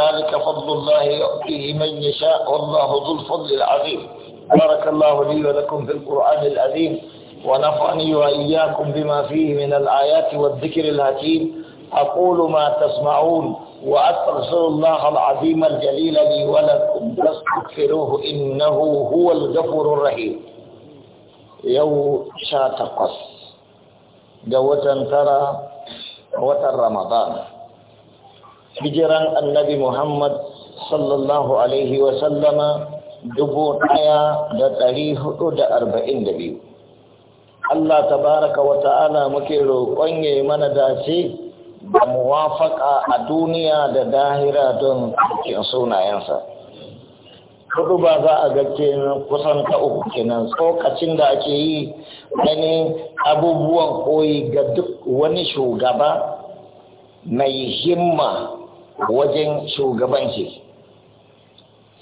ذلك فضل الله يؤتيه من يشاء والله ذو الفضل العظيم بارك الله لي ولكم في القرآن العظيم ونفعني وإياكم بما فيه من الآيات والذكر الحكيم أقول ما تسمعون وأستغفر الله العظيم الجليل لي ولكم فاستغفروه إنه هو الغفور الرحيم يو شاتقص جوة ترى وتر رمضان hijiran annabi Muhammad sallallahu alaihi wa sallama dubu ɗaya da ɗari hudu da arba'in da biyu. Allah tabaraka wa ta'ala muke roƙon ya mana dace da muwafaka a duniya da dahira don cikin sunayensa. Hudu ba za a ga kusan ta uku kenan tsokacin da ake yi wani abubuwan koyi ga duk wani shugaba mai himma wajen shugabanci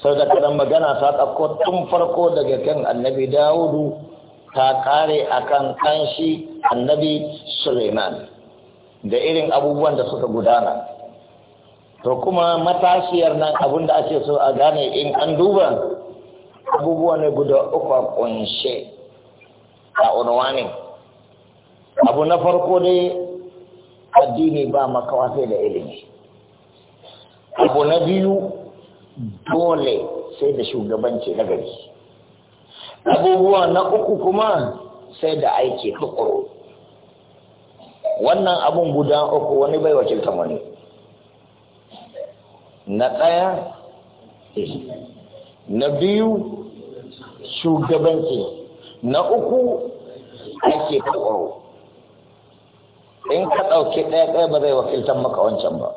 sau da kadan magana ta ɗauko tun farko daga kan annabi dawudu ta kare akan kanshi annabi suleiman da irin abubuwan da suka gudana to kuma matashiyar nan abin da ake so a gane in an duba abubuwa ne guda uku a kunshe a unwani abu na farko dai addini ba makawa sai da ilimi abu na biyu dole sai da shugabanci na gari abubuwa na uku kuma sai da aiki tukuru wannan abun guda uku wani bai wakilta wani na ɗaya na biyu shugabanci na uku aiki tukuru in ka ɗauki ɗaya ɗaya ba zai wakiltar maka wancan ba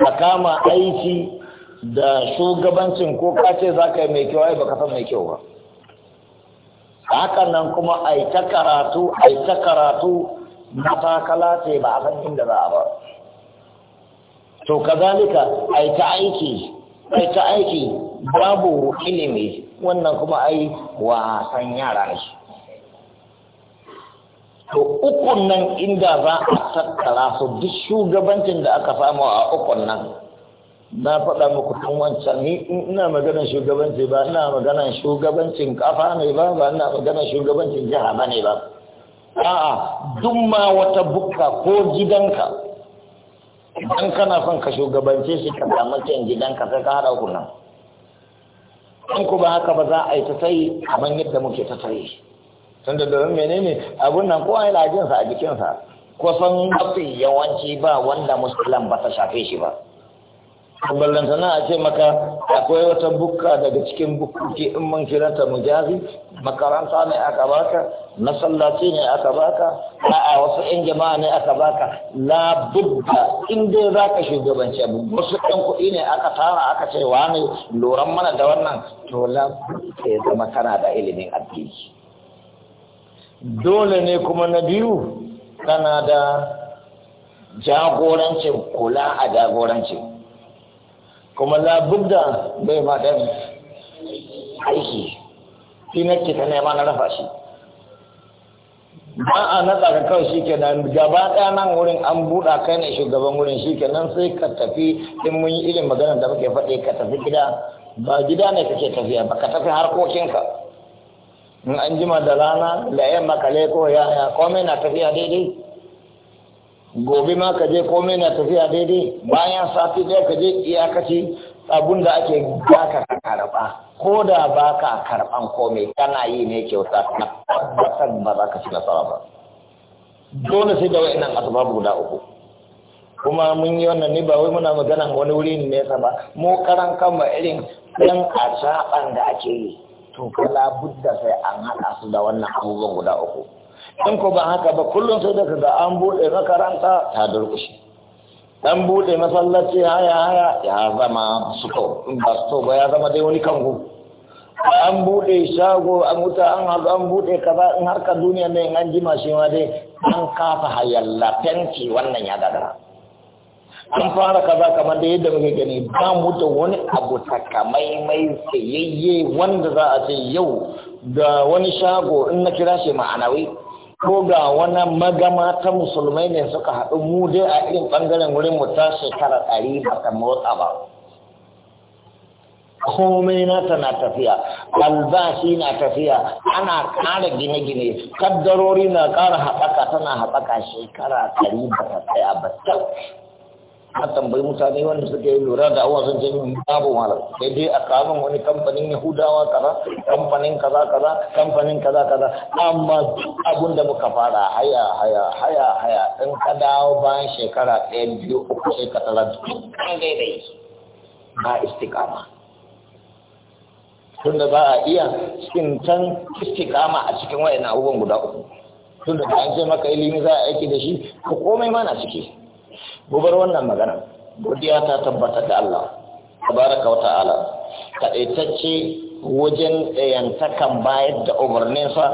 ka kama aiki da shugabancin ko ka ce za ka yi mai kyau ai baka san mai kyau ba hakan nan kuma ai ta karatu ai ta karatu matakala ce ba a san inda za a ba to kazalika ai ta aiki ai ta aiki babu ilimi wannan kuma ai wasan yara ne to ukun nan inda za a tattara su duk shugabancin da aka samu a ukun nan na faɗa muku tun wancan ni ina maganar shugabanci ba ina maganar shugabancin kafa ne ba ba ina maganar shugabancin jiha ba ne ba a'a duk ma wata bukka ko gidanka idan kana son ka shugabance shi ka samu cin gidanka sai ka haɗa kunan in ku ba haka ba za a yi ta sai kamar yadda muke ta sai tunda domin menene abun nan kowa yana jinsa a jikinsa kusan mafi yawanci ba wanda musulun ba ta shafe shi ba ballantana a ce maka akwai wata bukka daga cikin bukuki in mun kiranta mujazi makaranta ne aka baka masallaci ne aka baka a wasu yan jama'a ne aka baka la budda in dai za ka shugabanci abu wasu yan kuɗi ne aka tara aka ce wa ne loran mana da wannan to la budda ya zama kana da ilimin addini dole ne kuma na biyu kana da jagorancin kula a jagoranci kuma labudda bai ɗan aiki shi na nema na rafa shi ba a natsa ka kawai shi nan gaba ɗaya nan wurin an buɗa kai ne shugaban wurin shi ke nan sai ka tafi in mun yi irin maganar da muke faɗi ka tafi gida ba gida ne kake tafiya ba ka tafi harkokinka in an jima da rana da 'yan makale ko yaya komai na tafiya daidai gobe ma ka je komai na tafiya daidai bayan sati ɗaya ka je iyakaci abun da ake baka karɓa ko da baka karɓan komai kana yi ne kyauta na tabbatar ba za ka ci nasara ba dole sai da wa'annan asbabu guda uku kuma mun yi wannan ne ba wai muna magana wani wuri ne nesa ba mu karan kanmu irin ɗan asaban da ake yi to kala budda sai an haɗa su da wannan abubuwan guda uku in ko ba haka ba kullum sai daga ga an buɗe makaranta ta durƙushe dan buɗe masallaci haya haya ya zama suko in ba su ba ya zama dai wani kango an buɗe shago an wuta an hazo an buɗe kaza in harka duniya ne an jima shi ma dai an kafa hayalla fenti wannan ya gagara an fara kaza kamar da yadda muke gani ba mu da wani abu takamaimai tsayayye wanda za a ce yau da wani shago in na kira shi ma'anawi ko ga wani magama ta musulmai ne suka haɗu mu dai a irin ɓangaren wurin mu ta shekara ɗari ba ta motsa ba komai nata na tafiya albashi na tafiya ana ƙara gine-gine kaddarori na ƙara haɓaka tana haɓaka shekara ɗari ba ta tsaya ba a tambayi mutane wanda suke lura da awa sun yi babu malam sai dai a kamun wani kamfanin yahudawa kaza kamfanin kaza kaza kamfanin kaza kaza amma duk abun da muka fara haya haya haya haya in ka dawo bayan shekara ɗaya biyu uku sai ka tara kan daidai ba istikama tunda ba a iya tsintan istikama a cikin wa'annan abubuwan guda uku tunda da an ce maka ilimi za a aiki da shi ko komai mana ciki gobar wannan magana godiya ta tabbatar da Allah tabaraka wa ta'ala kadaitacce wajen ɗayantakan bayar da umarninsa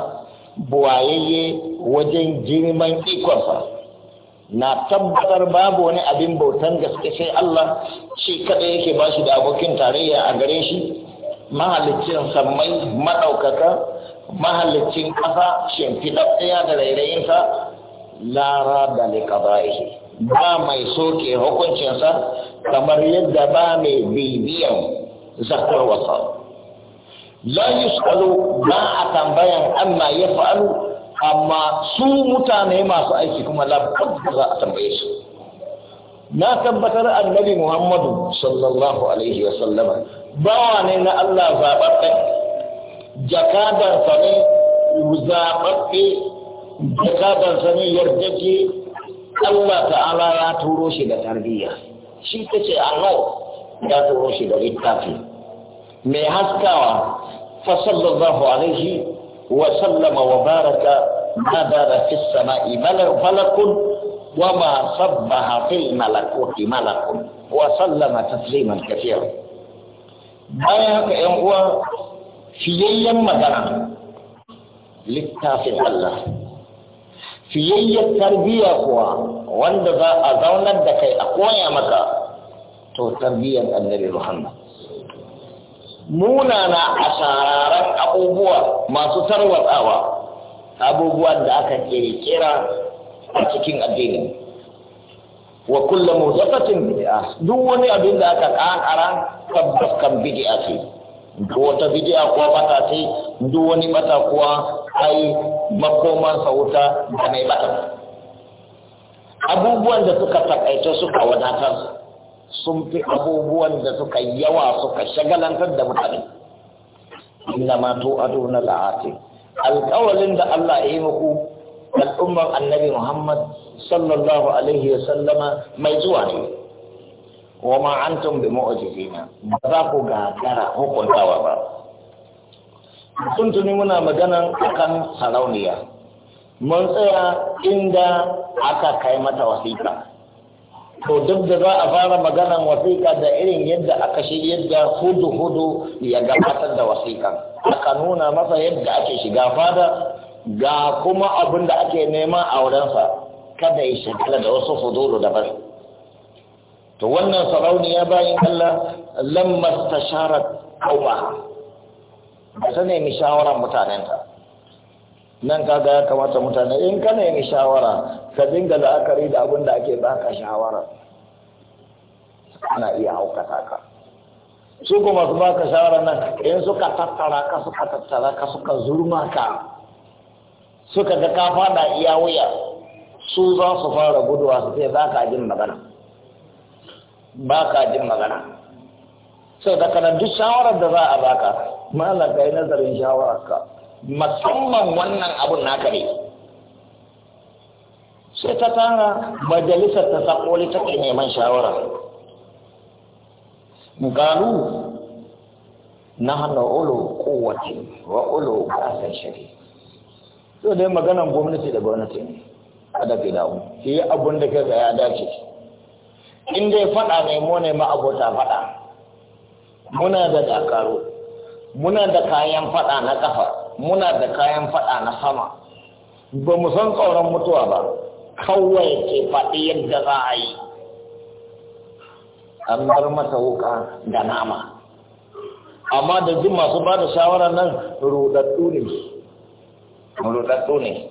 buwayayye wajen girman ikonsa na tabbatar babu wani abin bautan gaske sai Allah shi kaɗai yake ba shi da abokin tarayya a gare shi mahalicin sammai maɗaukaka mahalicin ƙasa shimfiɗaɗɗaya da rairayinsa lara da liƙaba'ihi ba mai soke hukuncinsa kamar yadda ba mai bibiyan wasa. la yus'alu ba a tambayan amma ya fa'alu amma su mutane masu aiki kuma labbar za a tambaye su na tabbatar annabi muhammadu sallallahu alaihi wasallama bawa ne na allah zaɓaɓɓe jakadansa ne zaɓaɓɓe jakadansa ne yardake Allah ta'ala ya turo shi da tarbiyya shi ta ce Allah ya turo shi da littafi mai haskawa fa sallallahu alaihi wa sallama wa baraka ma dara fi sama'i malakun wa ma sabbaha fil malakuti malakun wa sallama tasliman kathira bayan haka yan uwa fiyayyen magana littafin Allah fiyayyar tarbiyya kuwa wanda za a zaunar da kai a koya maka to tarbiyyar annabi muhammad munana a sararan abubuwa masu tarwatsawa abubuwan da aka kira a cikin addini wa kulla mutafatin bid'a duk wani abin da aka kakara tabbas kan bid'a ce duk wata bid'a kuwa bata ce duk wani bata kuwa ai sa wuta da mai mata abubuwan da suka takaita suka wadatar sun fi abubuwan da suka yawa suka shagalantar da mutane inna ma to ado na la'ati alƙawalin da Allah ya yi muku al'ummar annabi Muhammad sallallahu alaihi wa sallama mai zuwa ne wa ma antum bi mu'jizina ba za ku gagara hukuntawa ba sun tuni muna maganan akan sarauniya mun tsaya inda aka kai mata wasiƙa to duk da za a fara maganan wasiƙa da irin yadda aka shiryar da hudu hudu ya gabatar da wasiƙa aka nuna masa yadda ake shiga fada ga kuma abin da ake nema a wurinsa kada ya shagala da wasu fudulu daban to wannan sarauniya bayan Allah ta share qaumaha ta nemi shawarar mutanenta nan kaga ya kamata mutane in ka nemi shawara ka dinga la'akari da abin da ake baka shawara ana iya haukata ka su kuma su baka shawara nan in suka tattara ka suka tattara ka suka zurma ka suka ga ka fada iya wuya su za su fara guduwa su ce ba ka jin magana ba ka jin magana sau da kanan duk shawarar da za a baka malam yi nazarin ka. musamman wannan abun naka ne sai ta tara majalisar ta sakoli ta neman shawara galu na hana ulo kowace wa ulo kasar shari so dai maganan gwamnati da gwamnati ne a dafi damu shi abun da kaga ya dace in dai faɗa ne mo ne ma abota faɗa muna da dakaru muna da kayan fada na kafa muna da kayan fada na sama ba mu san tsoron mutuwa ba kawai ke faɗi yadda za a yi an bar masa wuka da nama amma da jin masu ba da shawarar nan rudattu ne rudattu ne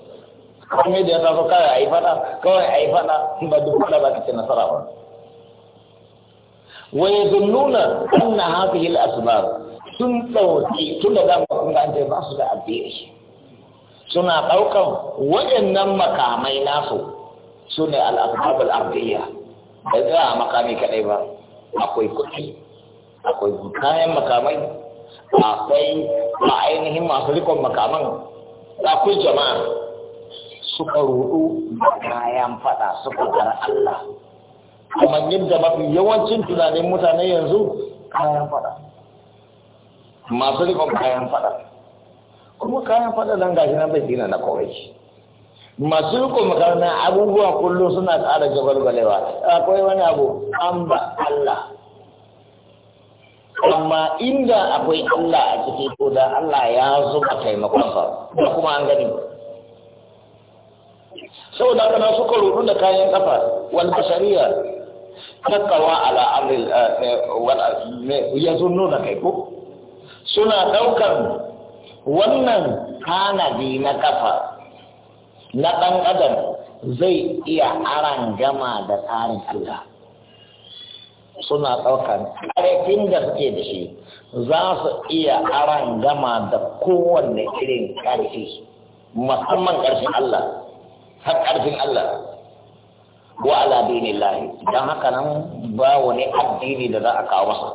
kome da ya su kawai a yi fada kawai a yi fada ba duk fada ba ka ce nasara ba Wai yazunnuna anna hafi al-asbab sun ɗauki tun da mu kun an ba su da addini suna ɗaukan waɗannan makamai nasu sune ne asbab al da ba za a makami kaɗai ba akwai kuɗi akwai kayan makamai akwai ainihin masu rikon makaman akwai jama'a suka rudu da kayan fada suka gara Allah kamar yadda mafi yawancin tunanin mutane yanzu kayan fada masu rikon kayan fada kuma kayan fada nan gashi nan bai dina na kawai masu rikon makarna abubuwa kullum suna ƙara balewa akwai wani abu an ba Allah amma inda akwai Allah a cikin koda Allah ya zuba taimakon da kuma an gani saboda haka na suka rudu da kayan kafa wani bashariya takawa ala amril eh, eh, eh, yazunnuna kai ko suna daukan wannan tanadi na kafa na dan adam zai iya aran gama da tsarin Allah suna daukan karfin da suke da shi za su iya aran gama da kowanne irin karfi musamman karfin Allah har karfin Allah wa ala dinillahi dan haka nan ba wani addini da za a kawo masa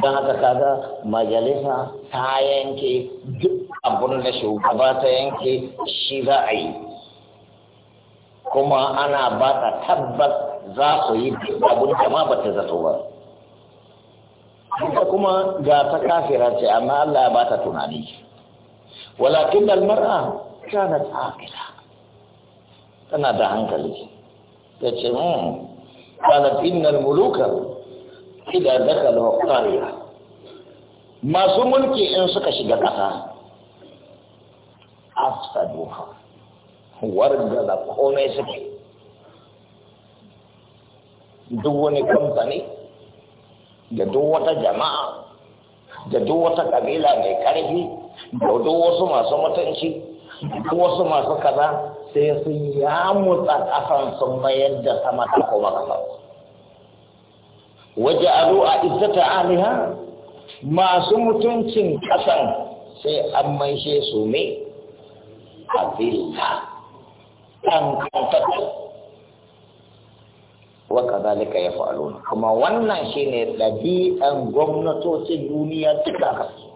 don haka kaga majalisa ta yanke duk abun da shugaba ta yanke shi za a yi kuma ana ba ta tabbas za su yi abun da ma ba ta zato ba ita kuma ga ta kafira ce amma Allah ya ba ta tunani walakin da mar'a kanat aqila tana da hankali ta ce mun hmm, kalat innal muluka idan daga lokariya masu mulki in suka shiga kasa afsaduha warga da komai suke duk wani kamfani da duk wata jama'a da duk wata kabila mai ƙarfi da duk wasu masu mutunci duk wasu masu kaza sai sun mutsa ƙasan sun mayar da sama ta kuma ƙasa waje aro a izzata aliha masu mutuncin ƙasan sai an maishe su ne a zilla ɗan kantattu Waka zalika ya faru kuma wannan shine ɗabi'an gwamnatocin duniya duka kasu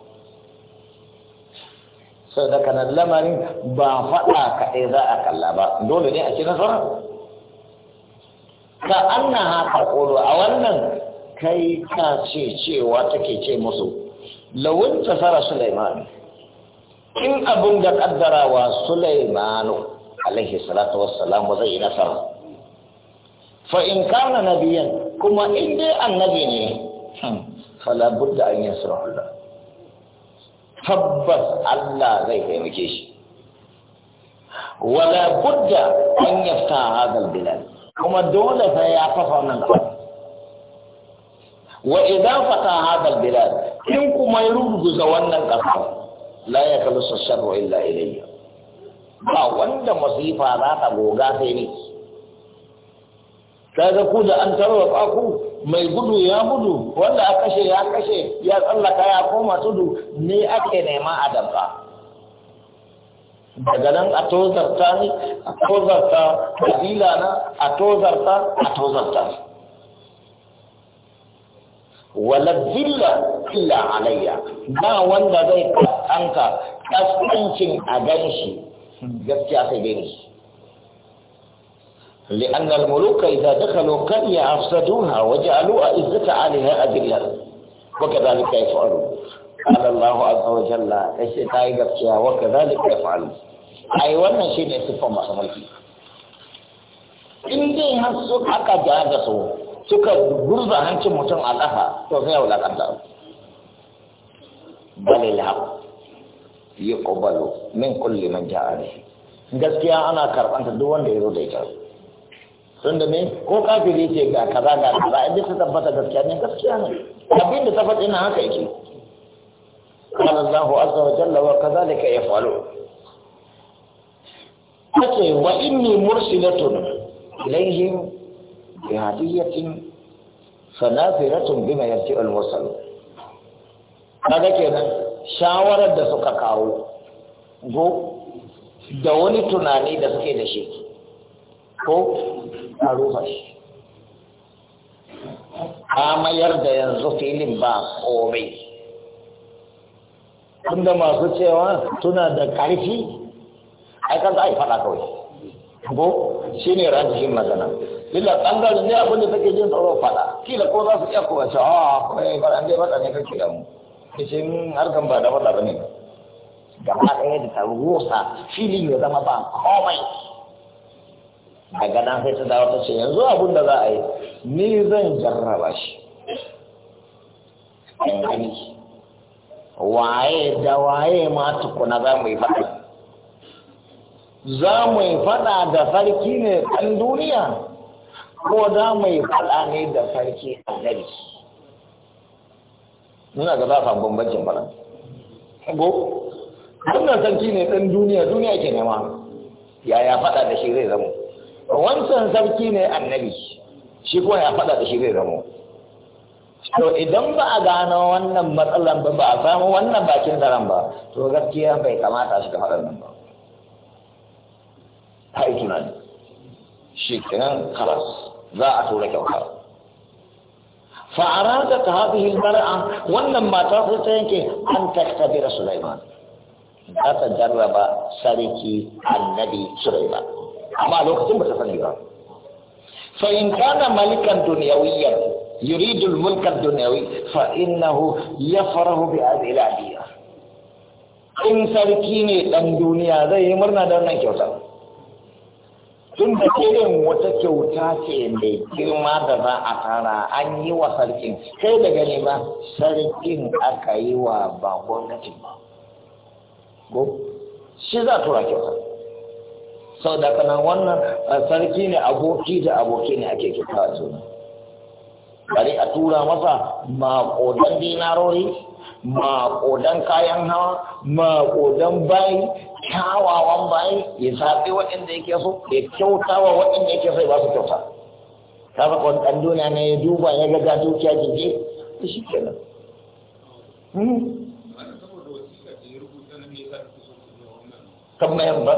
sau da kanan lamarin ba faɗa kaɗai za a kalla ba dole ne a ci nasara ka an na haka ƙoro a wannan kai ka ce cewa take ce musu lawun tasara Suleiman, in abin da kaddarawa Sulaimanu alaihi salatu wassalam zai yi nasara fa in kana nabiyan kuma in dai annabi ne hmm, fala budda an yasra Allah tabbas Allah zai taimake shi wala budda an yafta hadal bilal kuma dole sai ya fasa wannan abu wa idan fata hadal bilal in kuma ya ruguza wannan kafa la ya kalusa sharru illa ilayya ba wanda masifa za ta goga sai ni kaga ku da an ba ku mai gudu ya gudu wanda a kashe ya kashe ya tsallaka ya koma tudu ne ake nema a dabba daga nan a tozarta ne a tozarta kabila na a tozarta a tozarta wala zilla illa alayya ba wanda zai kasanka kasancin a ganshi gaskiya sai dai لأن الملوك إذا دخلوا قرية أفسدوها وجعلوا عزة عليها أذلة وكذلك يفعلون قال الله عز وجل اشتاي غفيا وكذلك يفعل أي wannan shine sifan masu mulki in dai har su aka da su suka gurza hancin mutum a ƙasa to sai wala kanta balil haq yuqbalu min kulli man ja'a gaskiya ana karbanta duk wanda ya zo da ita sun da ne ko kafiri ce ga kaza ga kaza a ta tabbata gaskiya ne gaskiya ne abin da tabbata ina haka yake قال الله عز iya falo. يفعلون kace wa inni mursilatun ilayhim bi hadiyatin fanafiratun bima yarti al mursal kaga kenan shawarar da suka kawo go da wani tunani da suke da shi ko a roba shi ka mayar da yanzu filin ba komai tunda masu cewa suna da ƙarfi ai kan za a yi faɗa kawai ko shi ne rajin magana lilla ɓangaren ne da take jin tsoro faɗa kila ko za su iya kowa ce a ah, kawai ba an ba faɗa ne kake da mu kishin hmm, harkan ba da faɗa ba ne gaba ɗaya da ta rusa filin ya zama ba komai daga nan sai ta dawo ta ce yanzu abin da za a yi ni zan jarraba shi gani waye da waye ma tukuna za mu yi faɗa za mu yi faɗa da sarki ne ɗan duniya ko za mu yi faɗa ne da sarki gari nuna ga za a samu bambancin faɗa ko wannan sarki ne ɗan duniya duniya ke nema yaya faɗa da shi zai zama wancan sarki ne annabi shi kuma ya faɗa da shi zai zamo to idan ba a gano wannan matsalan ba ba a samu wannan bakin zaren ba to gaskiya bai kamata shi ka faɗa nan ba ta yi tunani shi kenan karas za a tura kyauta fa'ara da ta haɗu mar'a wannan mata sai ta yanke an taktabira sulaiman za ta jarraba sarki annabi sulaiman amma a lokacin ba ta sani ba fa in kana malikan duniyawiyyan yuridu al-mulka ad-dunyawi fa innahu yafrahu bi al-ilahiyya in sarki ne dan duniya zai yi murna da wannan kyautar tun da irin wata kyauta ce mai girma da za a tara an yi wa sarkin kai da gani ba sarkin aka yi wa ba gwamnati ba ko shi za tura kyauta. sau da kana wannan eh, sarki ne aboki da aboki ne ake kika juna bari a tura masa maƙodan dinarori maƙodan kayan hawa maƙodan bayi kyawawan bayi ya zaɓi waɗanda yake so ya kyauta wa waɗanda yake so ya ba su kyauta ta saka ɗan duniya ne ya duba ya ga ga dukiya jike eh, ta shi kenan hmm. kan mayan ba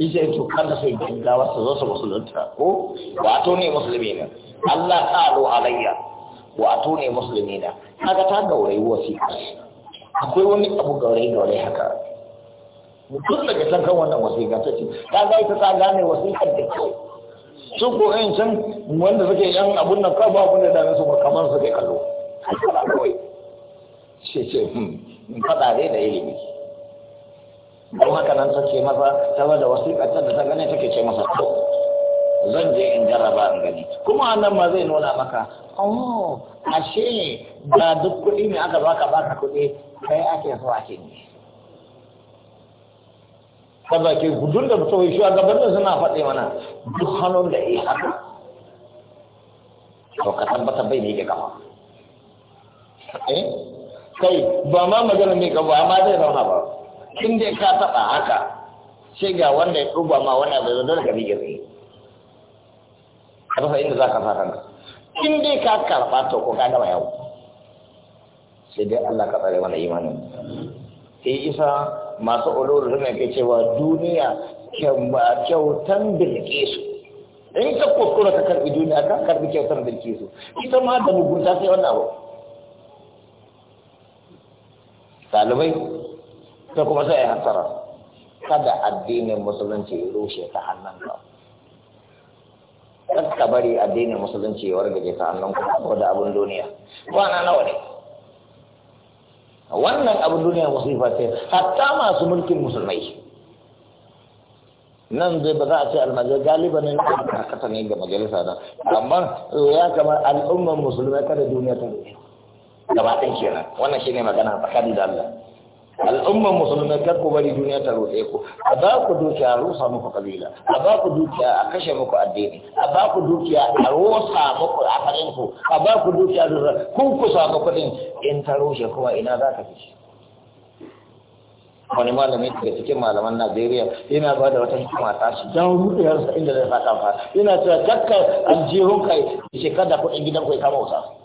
ishe to kada su gaggawa su zo su musulunta ko wato ne musulmi ne Allah ta'alu alayya wato ne musulmi ne kaga ta gaurayi wasiƙa akwai wani abu gaurayi gaurayi haka mutum ke can kan wannan wasiƙa ta ce ta ga ita ta gane wasiƙar da kyau su ko in can wanda suke yan abun nan ka ba abun da dame su kamar suke kallo kawai ce ce hmm fada dai da ilimi don haka nan ta ce masa saboda wasiƙar da ta gane take ce masa to zan je in jarraba in gani kuma nan ma zai nuna maka oh ashe da duk kuɗi ne aka baka baka kuɗi kai ake so a ne kaza ke gudun da mutum shi a gabanin suna faɗi mana duk hannun da ya haka to ka tabbatar bai ne ke gaba eh? kai ba ma magana ka gaba amma zai zauna ba in dai ka taɓa haka sai ga wanda ya ɗuba ma wanda bai zo dole ka bi gari ka rasa inda za ka fara kanka in dai ka karɓa to ko ka gama yau sai dai Allah ka tsare mana imanin sai isa masu oloro suna ke cewa duniya kyautan bilkisu in ka kuskura ka karɓi duniya ka karɓi kyautar birke su ita ma da mugunta sai wannan abu ɗalibai To kuma sai ya hasara kada addinin musulunci ya rushe ta hannunka kan ka bari addinin musulunci ya wargaje ta hannunka da abin duniya kwana nawa ne wannan abin duniya musifa ce hatta masu mulkin musulmai nan zai ba za a ce almajar galiban ne na kasa ne ga majalisa da amma ya kamar al'ummar musulmai kada duniya ta gaba ɗin kenan wannan shine magana tsakanin da Allah al'umman musulmi kar ku bari duniya ta roɗe ku a ba ku dukiya a rusa muku kabila a ba ku dukiya a kashe muku addini a ba ku dukiya a rusa muku a farin ku a ba ku dukiya da zara kun ku samu kuɗin in ta rushe kuma ina za ka fice wani malami daga cikin malaman najeriya yana ba da wata hikima ta shi jawo mutuwarsa inda zai sa fa yana cewa kakka aljihun kai shekar da kuɗin gidan kai ya kama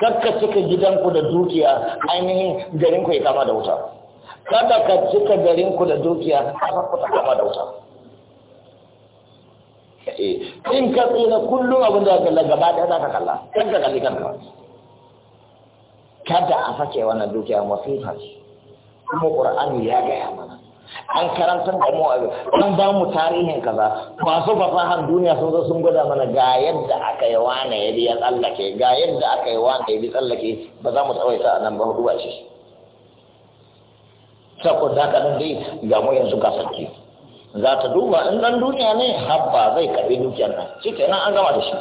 kakka cika gidanku da dukiya ainihin garinku ya kama da wuta kada ka cika garinku da dukiya ku ta kama da wuta eh, in ka tsira kullum abin da kalla gaba ɗaya za ka kalla kan ka kalli kanka kada a fake wannan dukiya mafi masifa kuma Al-Qur'ani ya gaya mana an karantar da mu an ba mu tarihin kaza masu fasahar duniya sun zo sun gwada mana ga yadda aka yi wane ya biya tsallake ga yadda aka yi wane ya bi tsallake ba za mu tsawaita a nan ba hudu ba ce sako haka nan dai ga mu yanzu ga sarki za ta duba in dan duniya ne habba zai karbi dukiyar nan shi nan an gama da shi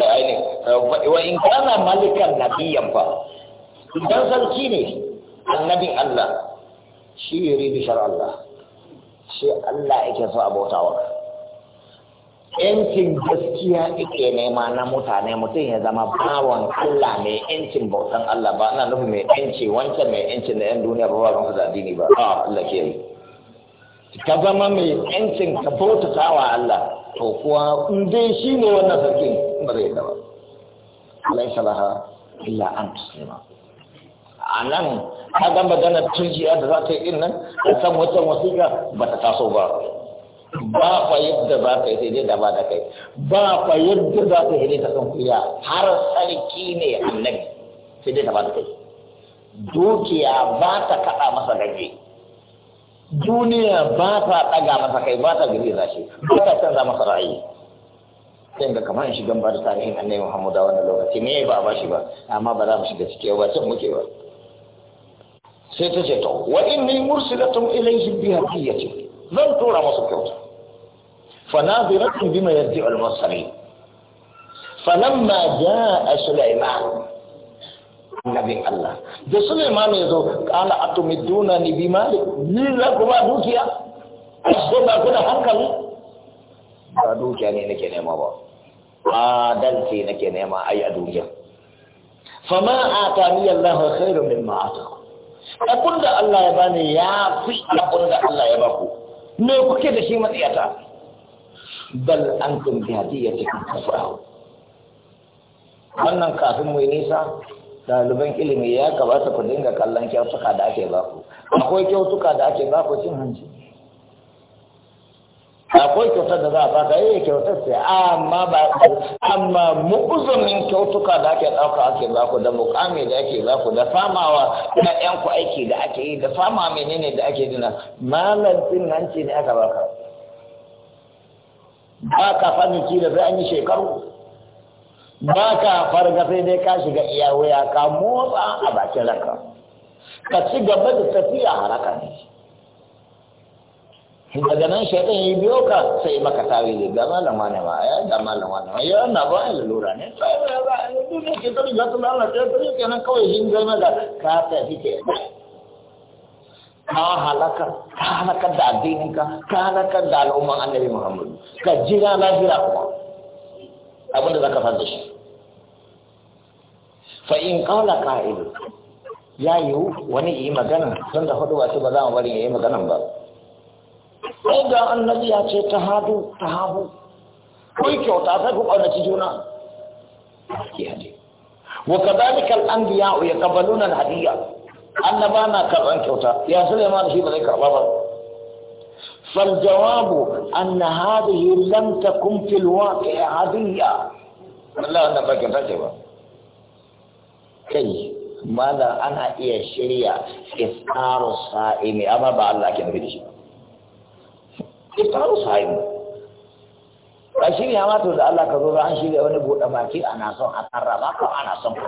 da aini wa in kana malikan nabiyan fa idan sarki ne annabin Allah shi yuri bishar Allah shi Allah yake so a bautawa yancin gaskiya yake nema na mutane mutum ya zama bawan Allah mai yancin bautan Allah ba na nufin mai yanci wancan mai yancin da yan duniya ba ba da addini ba a Allah ke yi ka zama mai yancin ka bautata wa Allah to kuwa in dai shi ne wannan sarkin ba zai yadda ba Allah ya salaha illa an tuslima a nan ta ga magana turjiya da za ta yi din nan a san wata wasiƙa ba ta taso ba ba fa yadda za ka yi sai dai da ba da kai ba fa yadda za ka yi ta san kuya har sarki ne annabi sai dai da ba da kai dukiya ba ta kaɗa masa gaje duniya ba ta ɗaga masa kai ba ta gari shi ba ta canza masa ra'ayi sai ga kamar shigan ba da tarihin annabi Muhammadu a wannan lokaci me ba a bashi ba amma ba za mu shiga ciki ba can muke ba sai ta ce to wa inni mursilatun ilayhim bi hadiyati zan tura musu kyauta fa naziratun bima yarji'u al-mursalin falamma jaa sulaiman annabin Allah da Sulaiman ya zo qala atumiduna ni bi mali ni za kuma ba dukiya ko ba ku da hankali ba dukiya ne nake nema ba adalci nake nema ai a duniya fama atani Allah khairun mimma ataq abun da Allah ya bani ya fi abun da Allah ya baku me kuke da shi matsiyata bal an kun bi hadiya ta tafahu wannan kafin mu nisa daliban ilimi ya kamata ku dinga kallon kyautuka da ake baku akwai kyautuka da ake baku cin hanci akwai kyautar da za a baka eh kyautar sai amma ba amma mu'uzumin kyautuka da ake ɗauka ake ku da mukami da ake ku da famawa na ƴan ku aiki da ake yi da fama menene da ake dina malam din nan ce ne aka baka ba ka fani ki da zai an yi shekaru ba ka farga sai dai ka shiga iya wuya ka motsa a bakin ranka ka ci gaba da tafiya haraka ne daga nan shaitan ya biyo ka sai maka tawili ga malam wani ma ya ga malam wani ma ya na ba ya lura ne sai ya ba ya duniya ke tare ga tun Allah sai tare kenan kawai shin ga maza ka ta fike ka halaka ka halaka da addinin ka ka halaka da al'umman annabi Muhammadu. ka jira jira kuma abinda zaka fara da shi fa in qala qa'il ya yiwu wani yi magana tun da hudu ba za mu bari ya yi maganan ba وكذلك الأنبياء يقبلون الهدية النبانا كرأن كيوتا يا سليمان شيء بذلك بابا فالجواب أن هذه لم تكن في الواقع هدية لا أنا بقي فجوا كي ماذا أنا إيه شريعة إفتار الصائم أما بعد لكن كنفيدي شيء iftaru sahibu ba shi ne amma to da Allah ka zo an shirya wani buɗe baki ana son a sarrafa ko ana son ka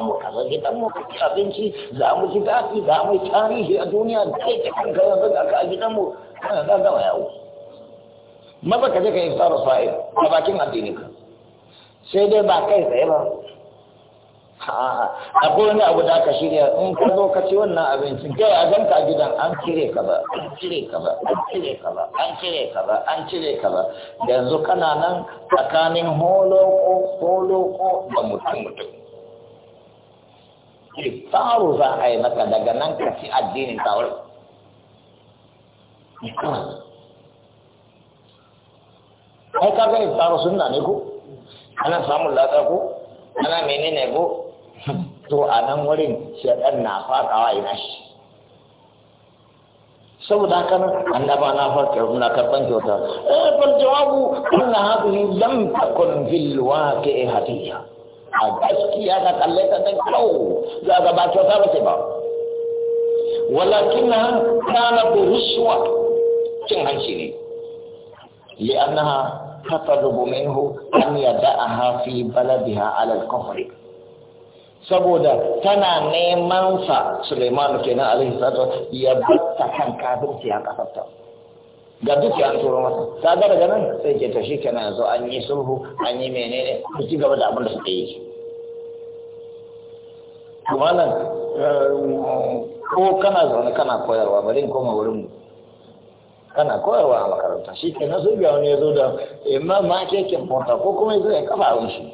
mu ka zo gidan mu ka ci abinci za mu ci za mu tarihi a duniya da kai ta kanka yanzu ga ka a gidan mu kana da gama ka je ka a bakin addini ka sai dai ba kai tsaye ba a'a ko wani abu da aka shirya in ka zo ka ci wannan abincin kai a ganka a gidan an cire ka ba an cire ka ba an cire ka ba an cire ka ba an cire ka ba yanzu kana nan tsakanin holoko holoko da mutum mutum faru za a yi maka daga nan ka ci addinin tawar ai ka ga iftaru sunna ne ko ana samun lada ko ana menene ko to a nan wurin shaɗan na faɗawa ina shi saboda haka nan annaba na farka na karban kyauta eh fal jawabu ina haɗu hadhihi zan takun fil waqi'i hadiya a gaskiya ga kalle ta da kau za ga ba kyauta ba ce ba walakin na kana bi rushwa cin hanci ne li annaha li'annaha tatlubu minhu an yadda a hafi baladiha alal al saboda tana neman sa Suleiman kenan alaihi salatu ya batta kan kafirci a kasarta ga duk ya turo masa ta ga daga nan sai ke tashi shikenan yanzu an yi sulhu an yi menene ku ci gaba da abin da suka yi kuma nan eh, ko kana zaune kana koyarwa bari in koma wurin kana koyarwa a makaranta Shi shikenan sai ga wani ya zo da imma eh, ma keken ko kuma ya zo ya kafa wani shi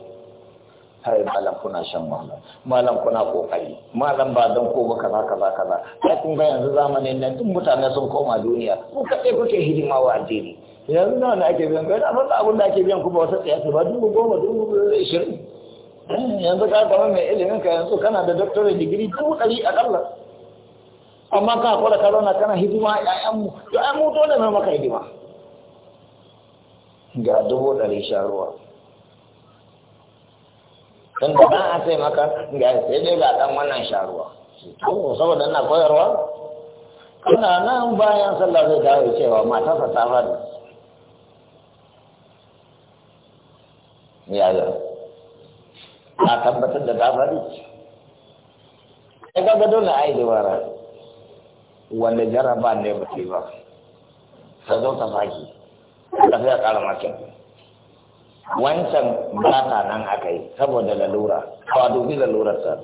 har malam kuna shan wahala malam kuna kokari malam ba dan ko ba kaza kaza kaza ai kun ga yanzu zamanin nan duk mutane sun koma duniya ku kaɗai kuke hidima wa addini yanzu nawa ne ake biyan kai amma da abin da ake biyan ku wasu wata tsaya ba dubu goma dubu ishirin yanzu ka kama mai ilimin ka yanzu kana da doctorate degree dubu ɗari a ƙalla amma ka kula ka zauna kana hidima ƴaƴanmu to ai mu dole mai maka hidima ga dubu ɗari sha ruwa tun da ba ase sai maka ga sai dai ga dan wannan sharuwa to saboda ina koyarwa ina nan bayan sallah zai dawo cewa matarsa ta fadi ya ya a tabbatar da ta fadi ai ga dole ai wara wanda jaraba ne ba ce ba ta zo ta faki ta fiya kara makin wancan ba ta nan aka yi saboda lalura ba dubi sa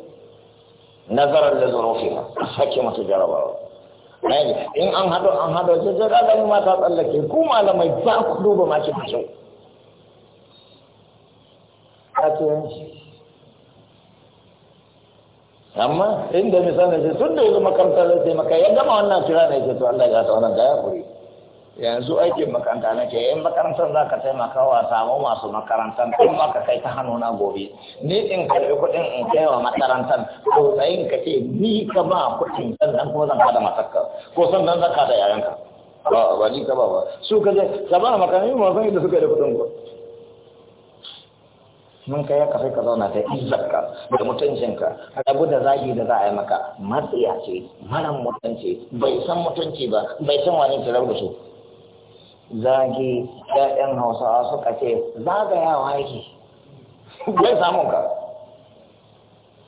nazarar da zurofi a sake masu jarabawa in an hado an hado sai sai ka gani mata tsallake ku malamai ba ku duba ma ki kyau amma inda misalin sai sun da yanzu makamta zai taimaka ya gama wannan kira ne ce, to Allah ya ta wannan da ya kuri yanzu aikin makaranta na ke, in makarantar za ka taimaka wa samu masu makarantar in ma ka kai ta hannuna gobe ni in karbi kuɗin in kai wa makarantar to tsayin ka ce ni ka ba kuɗin sannan kuma zan kada matakka ko sannan zan kada yayanka ba ba ni ka ba ba su ka je ka ba makarantar ma san da suka da kuɗin ba mun kai ka sai ka zauna da izzarka da mutuncinka rabu da zagi da za a yi maka matsiya ce mara mutunci bai san mutunci ba bai san wani ta rabu su zagi ƴaƴan hausawa suka ce zagayawa yake bai samun ka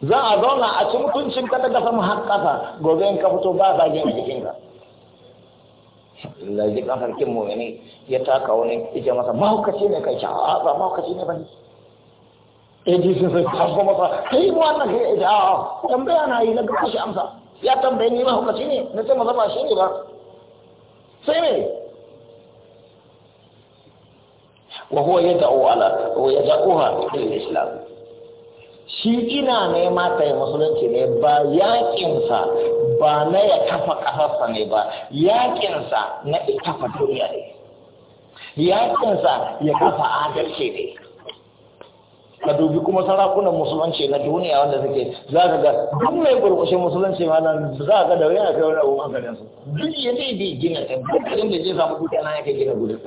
za a zauna a ci mutuncin ka daga sama har ƙasa gobe in ka fito ba zagin a jikinka laji kan sarkin mu ne ya taka wani ije masa mahaukaci ne kai sha'a ba mahaukaci ne ba ne ADC sai tabbo masa kai mu wannan kai da tambaya na yi na ga amsa ya tambaye ni mahaukaci ne na ce maza ba shi ne ba sai me wa huwa yad'u ala wa yad'uha lil islam shi ina nema ta musulunci ne ba yaƙinsa ba na ya kafa ƙasarsa ne ba yaƙinsa na kafa duniya ne yaƙinsa ya kafa adalci ne ka dubi kuma sarakunan musulunci na duniya wanda suke za ka ga duk mai gurgushe musulunci ma nan za ka ga da wani kai wani abubuwan garin su duk ya yi gina ta duk da zai samu duka na yake gina gudun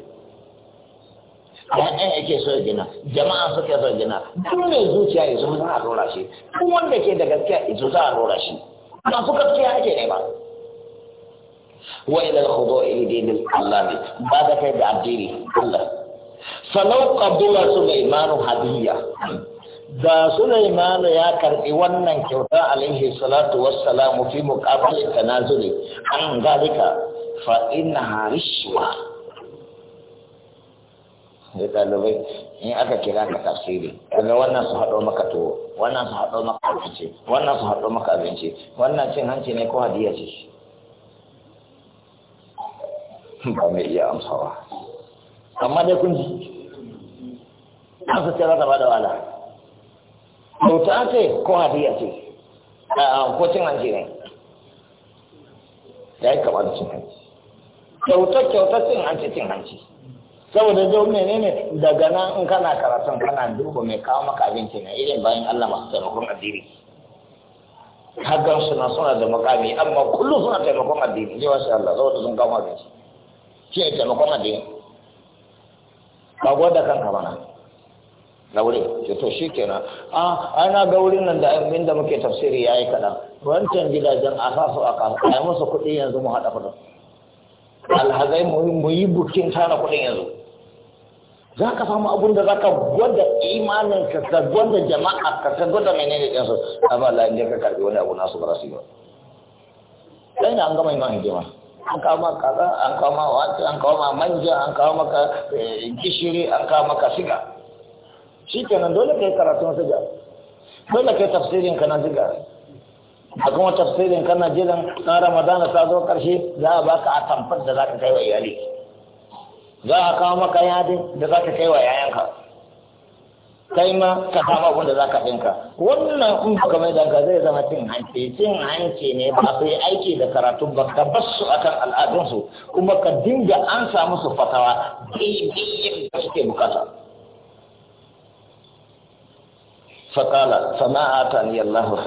ɗaya yake so gina jama'a ke so gina duk mai zuciya izo za a rora shi duk wanda ke da gaskiya izo za a rora shi masu gaskiya ake ne ba wa ila al-khudu'i daidai Allah ba da kai da addini Allah falau qabula sulaimanu hadiyya da sulaimanu ya karbi wannan kyauta alaihi salatu wassalamu fi muqabalati tanazuli an zalika fa inna rishwa da dalibai in aka kira ka tafsiri daga wannan su haɗo maka tuwo wannan su haɗo maka abinci wannan su haɗo maka abinci wannan cin hanci ne ko hadiya ce ba mai iya amsawa amma dai kun ji an su kira ta ba da wala kyauta ce ko hadiya ce ko cin hanci ne ya yi kamar cin hanci kyauta kyauta cin hanci cin hanci saboda jau menene daga nan in kana karatun kana duba mai kawo maka abinci na irin bayan Allah masu taimakon addini hakan suna suna da makami amma kullum suna taimakon addini ne wasu Allah saboda sun kawo abinci shi ne taimakon addini ba gwada kanka mana na wuri ce to shi kenan a ana ga wurin nan da abin da muke tafsiri ya yi kaɗan wancan gidajen a sa su a kan a yi musu kuɗi yanzu mu haɗa kuɗin alhazai mu yi bukin tara kuɗin yanzu za ka samu abin da za ka gwada imaninka ka gwada jama'a ka ka gwada menene ɗinsu a ba Allah da ka karbi wani abu nasu ba su ba ɗan an gama imanin jima an kawo ma kaza an kawo ma wata an kawo ma manja an kawo maka eh, gishiri an kawo maka shiga shi kenan dole ka yi karatun siga dole ka yi tafsirin ka na siga a kuma tafsirin ka na jiran na ramadana ta zo karshe za a baka a tamfar da za ka kai wa iyali za a kawo maka yadin da za ka kai wa yayanka kai ma ka samu abin da za ka ɗinka wannan in baka mai danka zai zama cin hanci cin hanci ne ba su yi aiki da karatu ba ka bar su akan al'adunsu kuma ka dinga an samu su fatawa daidai da suke bukata ko. فما an kun bi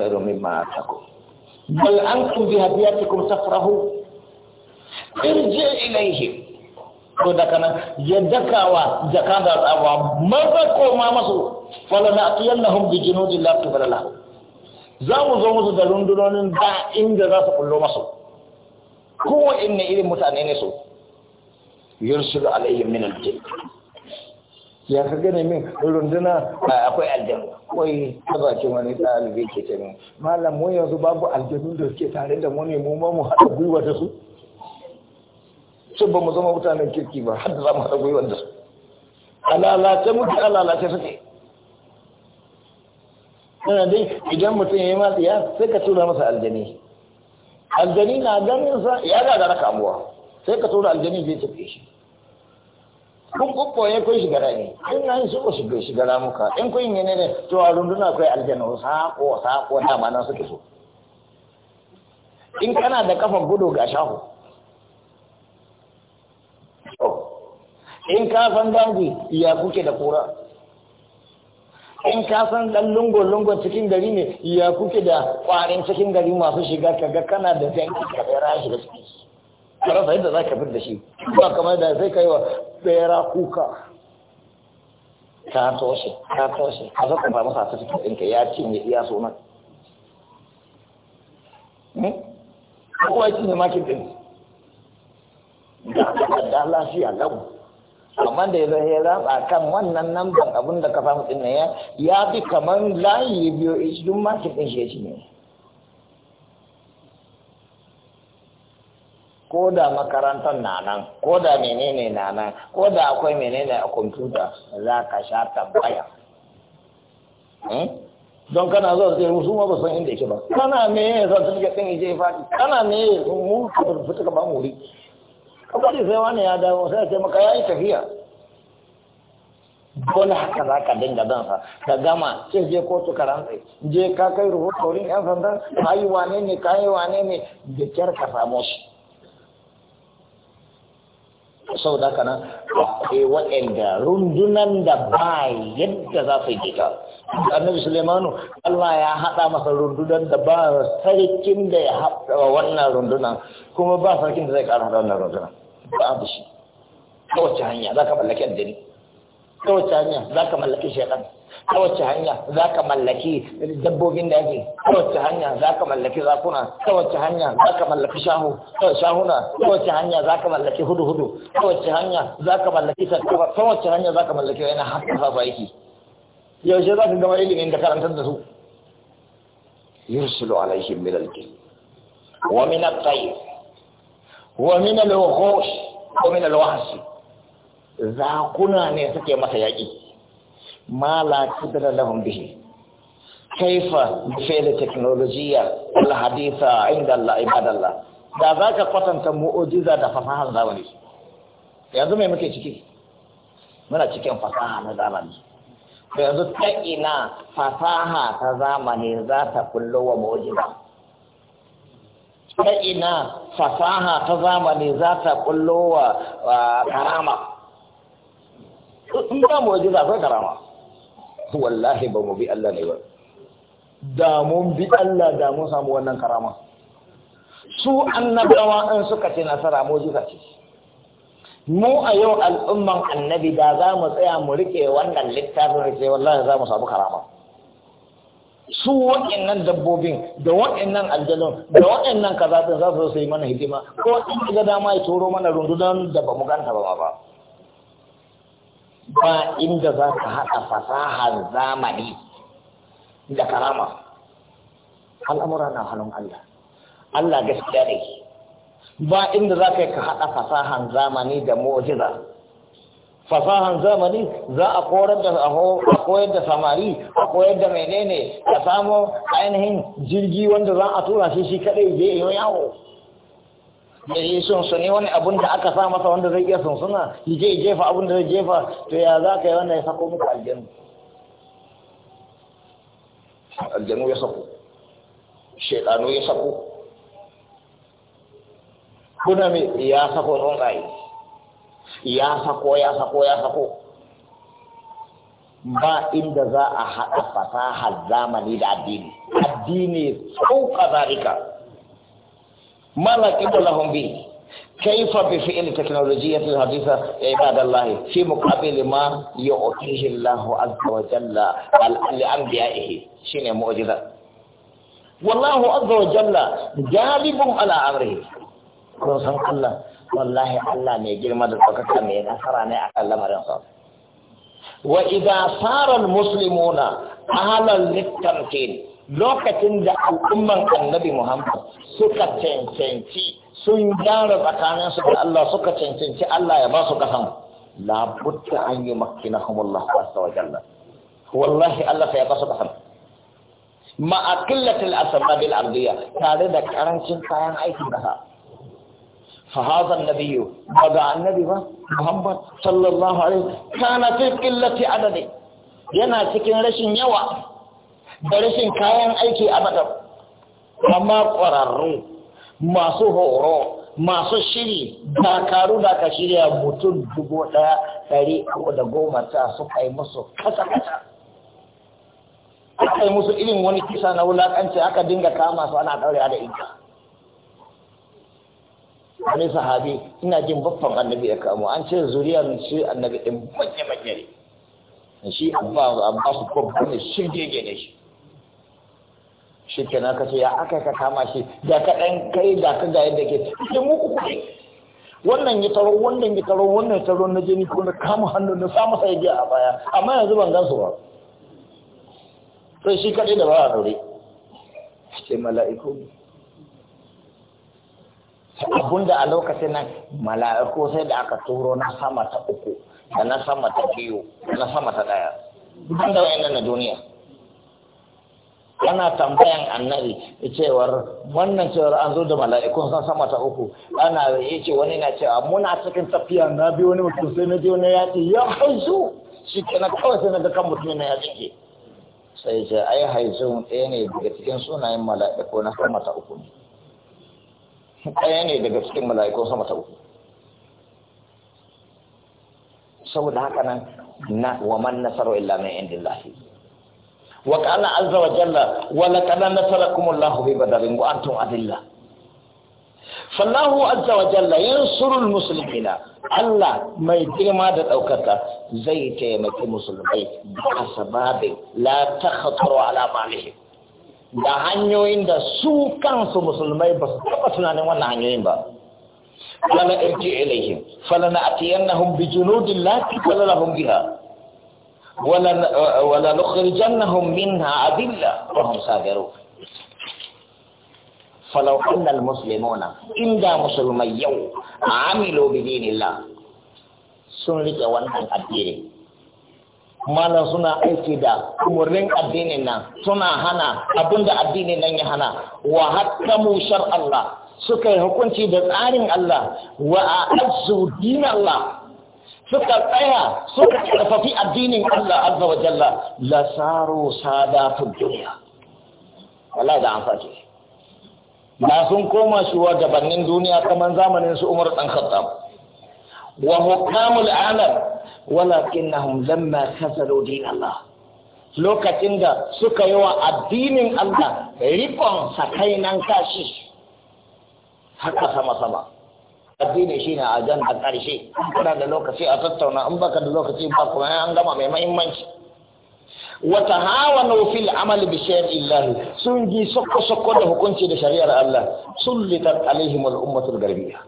مما آتاكم بل أنتم بهديتكم تفرحون ارجع إليهم ko daga nan ya dakawa jaka da tsawa maza koma masu falana atiyannahum bi junudin la tubala balala" za mu zo musu da rundunonin da inda za su kullo masu ko inna irin mutane ne su yursul alaihim min al-jinn ya ka gane min runduna akwai aljanu wai kaza bakin wani ɗalibai ke ce min malam mu yanzu babu aljanu da suke tare da mu ne mu ma mu haɗa gwiwa da su sun ba mu zama mutanen kirki ba har da za mu haɗa gwiwar da su a lalace muke a lalace suke yana dai idan mutum ya yi masu ya sai ka tura masa aljani aljani na ganin sa ya gagara kamuwa sai ka tura aljani zai tafi shi kun kukko ya kun shiga rami in na yin suko shiga shiga ramuka in kun yi ne ne to a runduna akwai aljanu sako sako dama nan suke so in kana da kafan gudu ga shahu in ka san dangi ya kuke da kura in ka san dan lungo-lungo cikin gari ne ya kuke da kwarin cikin gari masu shiga kaga kana da dangi ka bera shi da shi rasa yadda za ka fi da shi ba kamar da sai ka yi wa bera kuka ka toshe ka toshe ka zaka ba masa certificate ɗinka ya ne iya sunan hmm? kowa ya cinye makin ɗin da lafiya lau amma da ya zai ratsa kan wannan ban abin da ka mutum din ya fi kamar layi ya biyo cikin eh, makin din shi ya ci ne ko da makarantar na nan ko da menene na nan ko da akwai menene a kwamfuta za ka sha tambaya hmm? don kana zuwa sai musu ma ba san inda yake ba kana me ya san tun ga din ije fadi kana me mu fita ka ba mu wuri ka bari sai wani ya dawo sai ce maka ya yi tafiya dole haka za ka dinga sa ka gama cin je kotu ka rantse je ka kai rahoto wurin yan sanda ka yi wane ne ka yi wane ne da kyar ka samu shi sau da kana akwai waɗanda rundunan da ba yadda za su yi annabi sulemanu allah ya haɗa masa rundunan da ba sarkin da ya haɗa wannan rundunan kuma ba sarkin da zai ƙara haɗa wannan rundunan babu shi ta wacce hanya za ka mallaki aljani ta wacce hanya za ka mallaki shaitan ta wacce hanya za ka mallaki dabbobin daji ta wacce hanya za ka mallaki zakuna ta wacce hanya za ka mallaki shahu ta shahuna ta wacce hanya za ka mallaki hudu hudu ta wacce hanya za ka mallaki sarkafa ta wacce hanya za ka mallaki wani haka hafa aiki? yaushe za ka gama ilimin da karantar da su yursilu alaihim min al-jinn wa min at wa min al-wuhush wa zakuna ne suke masa yaki ma la qadra lahum bihi kaifa fa'ala teknolojiya wal haditha inda Allah ibadallah da zaka kwatanta mu'ujiza da yanzu mai muke ciki muna cikin fasaha na zamani yanzu ta ina fasaha ta zamani za ta kullo wa mu'ujiza ta ina fasaha ta zamani za ta kullo wa karama in ba mu waje za akwai karama wallahi ba mu bi Allah ne ba da mun bi Allah da mun samu wannan karama su annabawa in suka ce nasara mu mujiza ce mu a yau al'umman annabi da za mu tsaya mu rike wannan littafin rike wallahi za mu samu karama su nan dabbobin da nan aljanun da nan kazafin za su zo su yi mana hidima ko in ga dama ya turo mana rundunar da ba mu ganta ba ba ba inda za ka haɗa fasahar zamani da karama al'amura na hannun Allah Allah gaskiya ne ba inda za ka ka haɗa fasahar zamani da mu'jiza fasahan zamani za a koyar da a koyar da samari a koyar da menene a samo ainihin jirgi wanda za a tura shi shi kadai je yi yawo da yi sunsuni wani abun da aka sa masa wanda zai iya sunsuna yi je jefa abun da zai jefa to ya za ka yi wanda ya sako muku aljanu aljanu ya sako shekanu ya sako kuna mai ya sako tsuntsaye ya sako ya sako ya sako ba inda za a haɗa fasahar zamani da addini addini sauka zarika malakin lahum bi كيف بفعل تكنولوجية الحديثة عباد الله في مقابل ما يعطيه الله عز وجل لأنبيائه شنو معجزة والله عز وجل جالب على أمره kun san Allah wallahi Allah mai girma da tsakaka mai nasara ne akan lamarin sa wa idza sara almuslimuna ahlan litamkin lokacin da al'umman annabi Muhammad suka cancanci sun gyara tsakanin su da Allah suka cancanci Allah ya ba su kasan la budda an yi makkinahumullahu azza wa jalla wallahi Allah sai ya ba su kasan ma a killatil asama tare da karancin kayan aikin kasa فهذا ba بدا النبي محمد صلى الله عليه كان في قله عدد yana cikin rashin yawa da rashin kayan aiki a badar amma ƙwararru masu horo masu shiri dakaru da ka shirya mutum dubu ɗaya ɗari uku da goma ta suka yi musu kasa-kasa aka yi musu irin wani kisa na wulaƙanci aka dinga kama su ana ɗaure da ita wani sahabi ina jin baffan annabi ya kamo an ce zuriyar shi annabi ɗin manya manya ne shi abba abba su kwabba ne shi gege ne shi shi ke na ce ya aka ka kama shi da ka ɗan kai da ka ga yadda ke shi mu uku ne wannan ya taro wannan ya taro wannan ya taro na jini ko na kama hannu na samu sai a baya amma yanzu ban gan su ba sai shi kaɗai da ba a daure ce mala'iku abun da a lokacin nan mala'iku sai da aka turo na sama ta uku da na sama ta biyu da na sama ta ɗaya an da wayan na duniya ana tambayan annabi cewar wannan cewar an zo da mala'ikun san sama ta uku ana yace wani na cewa muna cikin tafiya na biyu wani mutum sai na biyu na ya ce ya haizu shi na kawai sai na ga kan mutum na ya tsike sai ce ai haizu ɗaya ne daga cikin sunayen mala'iku na sama ta uku ne ɗaya ne daga cikin mala'ikun sama ta uku saboda haka nan na wa man nasaru illa min indillahi wa qala azza wa jalla wa laqad nasarakum Allahu bi badrin wa antum adilla fallahu azza wa jalla yansurul muslimina Allah mai girma da ɗaukaka zai taimaki musulmai ba sababin la takhaturu ala malihim da hanyoyin da su kansu musulmai ba su taɓa tunanin wannan hanyoyin ba lana irji ilaihim falana atiyannahum bi junudin la taqala lahum biha wala wala nukhrijannahum minha adilla wa hum sabirun falau anna almuslimuna inda musulmai yau amilu bi dinillah sun rike wannan addini malam suna aiki da umarnin addinin nan suna hana abinda addinin nan ya hana wa hakkamu shar Allah suka yi hukunci da tsarin Allah wa azu din Allah suka tsaya suka karfafi addinin Allah azza wa jalla la saru sadatul dunya wallahi da an na sun koma shuwa gabanin duniya kamar zamanin su Umar dan Khattab وهكام العالم ولكنهم لما كسروا دين Lokacin da suka سكا يوا الدينين الله ريبون سكاين انكاشي حقا سما سما addini shine a jan a ƙarshe kuna da lokaci a tattauna an baka da lokaci ba kuma an gama mai mahimmanci Wata hawa fil amali bishiyar shay'in illahi sun ji sokko da hukunci da shari'ar Allah sullitat alaihim al ummatul garbiyah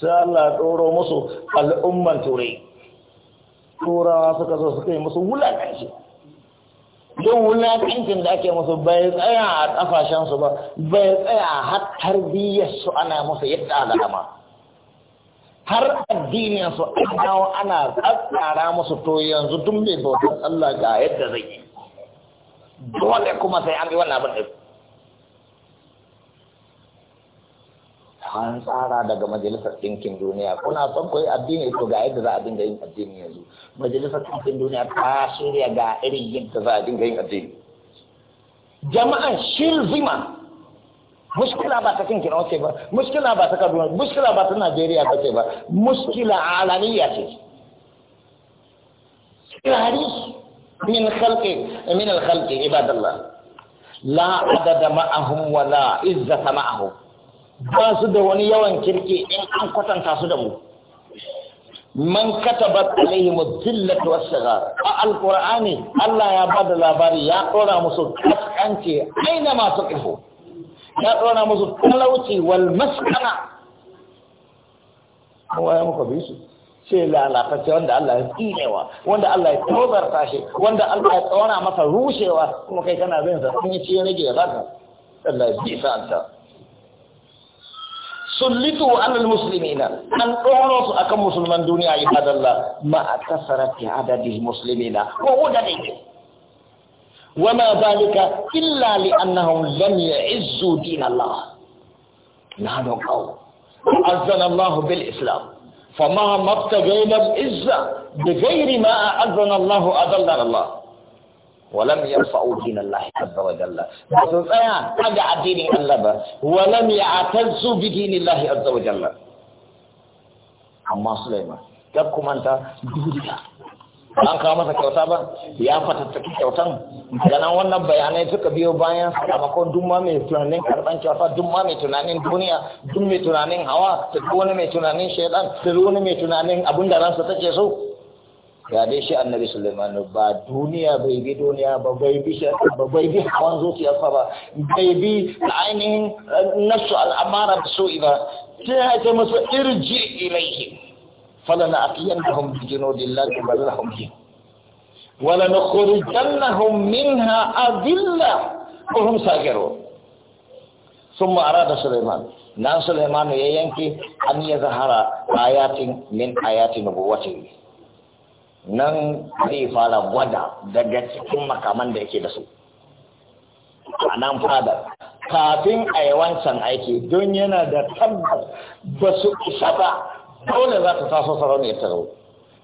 sai Allah ɗoro musu al'umman turai turawa suka zo suka yi musu wulaƙanci, don wulaƙancin da ake musu bai tsaya a ƙafashensu ba bai tsaya har tarbiyyarsu ana musu yadda alama har addininsu an dawo ana tsara musu to yanzu tun mai bautar Allah ga yadda zai yi dole kuma sai an yi wannan abin da an tsara daga majalisar ɗinkin duniya kuna son koyi addini to ga yadda za a dinga yin addini yanzu majalisar ɗinkin duniya ta shirya ga irin yadda za a dinga yin addini jama'an shirzima muskila ba ta kinkin wace ba muskila ba ta kaduna muskila ba ta najeriya ba ce ba muskila alaniya ce tsirari min khalqi min al-khalqi ibadallah la adada ma'ahum wa la izzata ma'ahum ba su da wani yawan kirki in an kwatanta su da mu man kataba alaihim dhillat was-saghar a alqur'ani Allah ya bada labari ya dora musu kaskanci aina ma kifo ya dora musu talauci wal maskana ya muka bi su sai lalatacce wanda Allah ya tsinewa wanda Allah ya tozarta tashi wanda Allah ya tsona masa rushewa kuma kai kana bin sa sun yi ciye rage zaka Allah ya bisa ta sullitu alal muslimina an ɗoro su akan musulman عباد ibadallah ma a في عدد muslimina وهو wadadin وما ذلك إلا لأنهم لم يعزوا دين الله نحن قوم أعزنا الله بالإسلام فما ما ابتغينا بغير ما أعزنا الله أذلنا الله ولم يرفعوا دين الله عز وجل فسنسيا أدع دين الله ولم يعتزوا بدين الله عز وجل أما سليمان تبكم أنت an kawo masa kyauta ba ya fatattaki kyautan Gana wannan bayanai suka biyo bayan sakamakon duk ma mai tunanin karban kyauta duk ma mai tunanin duniya duk mai tunanin hawa duk wani mai tunanin shaidan duk wani mai tunanin abin da ransa take so ga dai shi annabi Sulaiman ba duniya bai bi duniya ba bai bi shi ba bai bi hawan zuciyarsa ba bai bi ainihin nafsu al'amara da so ba sai ya ce musu irji ilaihi falan atiyannahum bi junudillahi walahum bi wala nukhrijannahum minha adilla wa hum sagirun ثم أراد سليمان نان سليمان ينكي أن يظهر آيات من آيات نبوته nan zai fara gwada daga cikin makaman da yake da su a nan fadar kafin a yi wancan aiki don yana da tabbas ba su isa ba dole za ta taso ne ta zo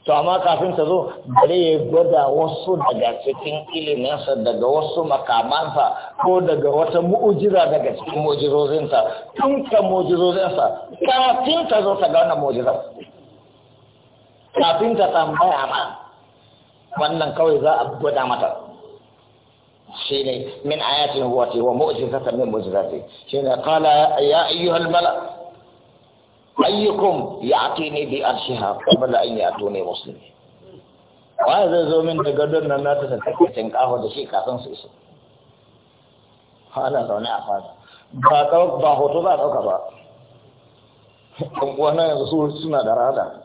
to amma kafin ta zo bare ya gwada wasu daga cikin iliminsa daga wasu makamansa ko daga wata mu'ujiza daga cikin mu'ujizozinsa tun ka mu'ujizozinsa kafin ta zo ta ga wannan mu'ujizar kafin ta tambaya ma wannan kawai za a gwada mata shi ne min ayatin huwati wa sata, min mu'jizati shi ne kala ya ayyuhal mala ayyukum ya'tini bi arshiha qabla an ya'tuni muslimi wa zai zo min daga don nan na ta tattacin kaho da shi kafin su iso ana zaune a fada ba hoto za a ɗauka ba ɗan uwa na yanzu suna da rada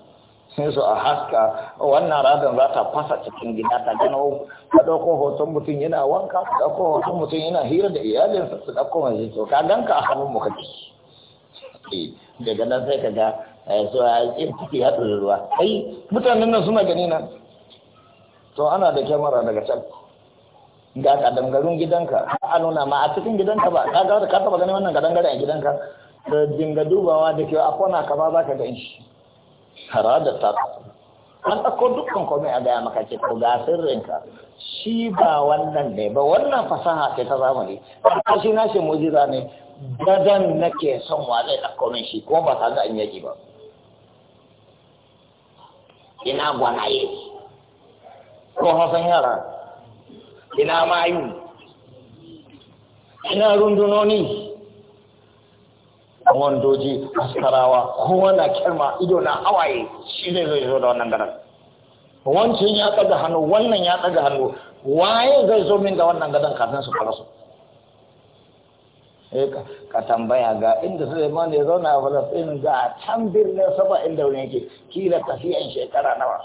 sun su a haska wannan radon za ta fasa cikin gida ta gano ta ɗauko hoton mutum yana wanka ta ɗauko hoton mutum yana hira da iyalinsa su ɗauko mai to ka gan ka a hannun mu kake eh, daga nan sai ka ga eh, su a eh, yin ciki ya da ruwa ai mutanen nan suna gani nan to ana da kyamara daga can ga garin gidanka a nuna ma a cikin gidanka ba ka ga ka taba ganin wannan kadangare a gidanka da dinga dubawa da kyau a kona ka ba za ka gan shi kara da ta an ɗauko dukkan komai a gaya maka ce ko ga sirrinka shi ba wannan ne ba wannan fasaha ce ta zamani ba shi na shi mujiza ne gadan nake son wa a ɗauko min shi kuma ba ta an yaki ba ina gwanaye ko hasan yara ina mayu ina rundunoni wandoji askarawa kowa na kirma ido na hawaye shi zai zai zo da wannan garan wancan ya ɗaga hannu wannan ya ɗaga hannu waye zai zo min da wannan gadon kafin su fara su eh, ka tambaya ga inda Suleiman ya zauna a Falasɗin ga can birnin saba inda wani yake kila tafiyan shekara nawa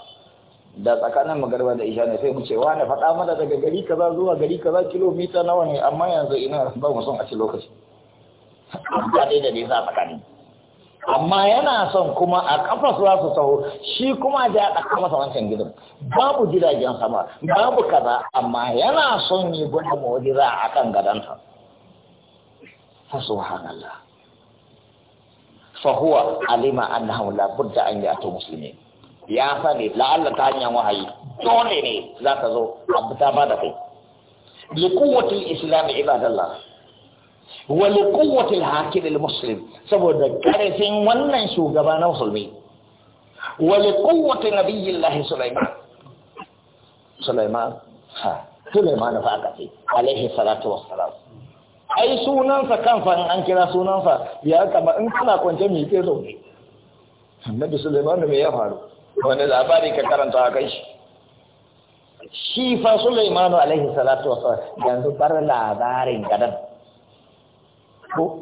da tsakanin magarba da isha ne sai mu ce wani faɗa mana daga gari kaza zuwa gari kaza kilomita nawa ne amma yanzu ina ba mu son a ci lokaci amfani da nisa tsakani amma yana son kuma a kafa su za su shi kuma da ya ɗaka masa wancan gidan babu jiragen sama babu kaza amma yana son yi gwada za a kan gadonsa fa subhanallah fa huwa alima annahu la budda an to musulmi, ya sani la'alla ta hanyar wahayi dole ne za ka zo abu ta ba da kai li islam ibadallah wa liquwwatil hakim muslim saboda karfin wannan shugaba na musulmi wa liquwwati nabiyillahi sulaiman sulaiman ha sulaiman fa aka ce alaihi salatu wassalam ai sunansa kanfa in an kira sunansa ya kama in kana kwance mai ke zaune annabi sulaiman me ya faru wani labari ka karanta a kai shi shi fa sulaiman alaihi salatu wassalam yanzu bar labarin gadan ko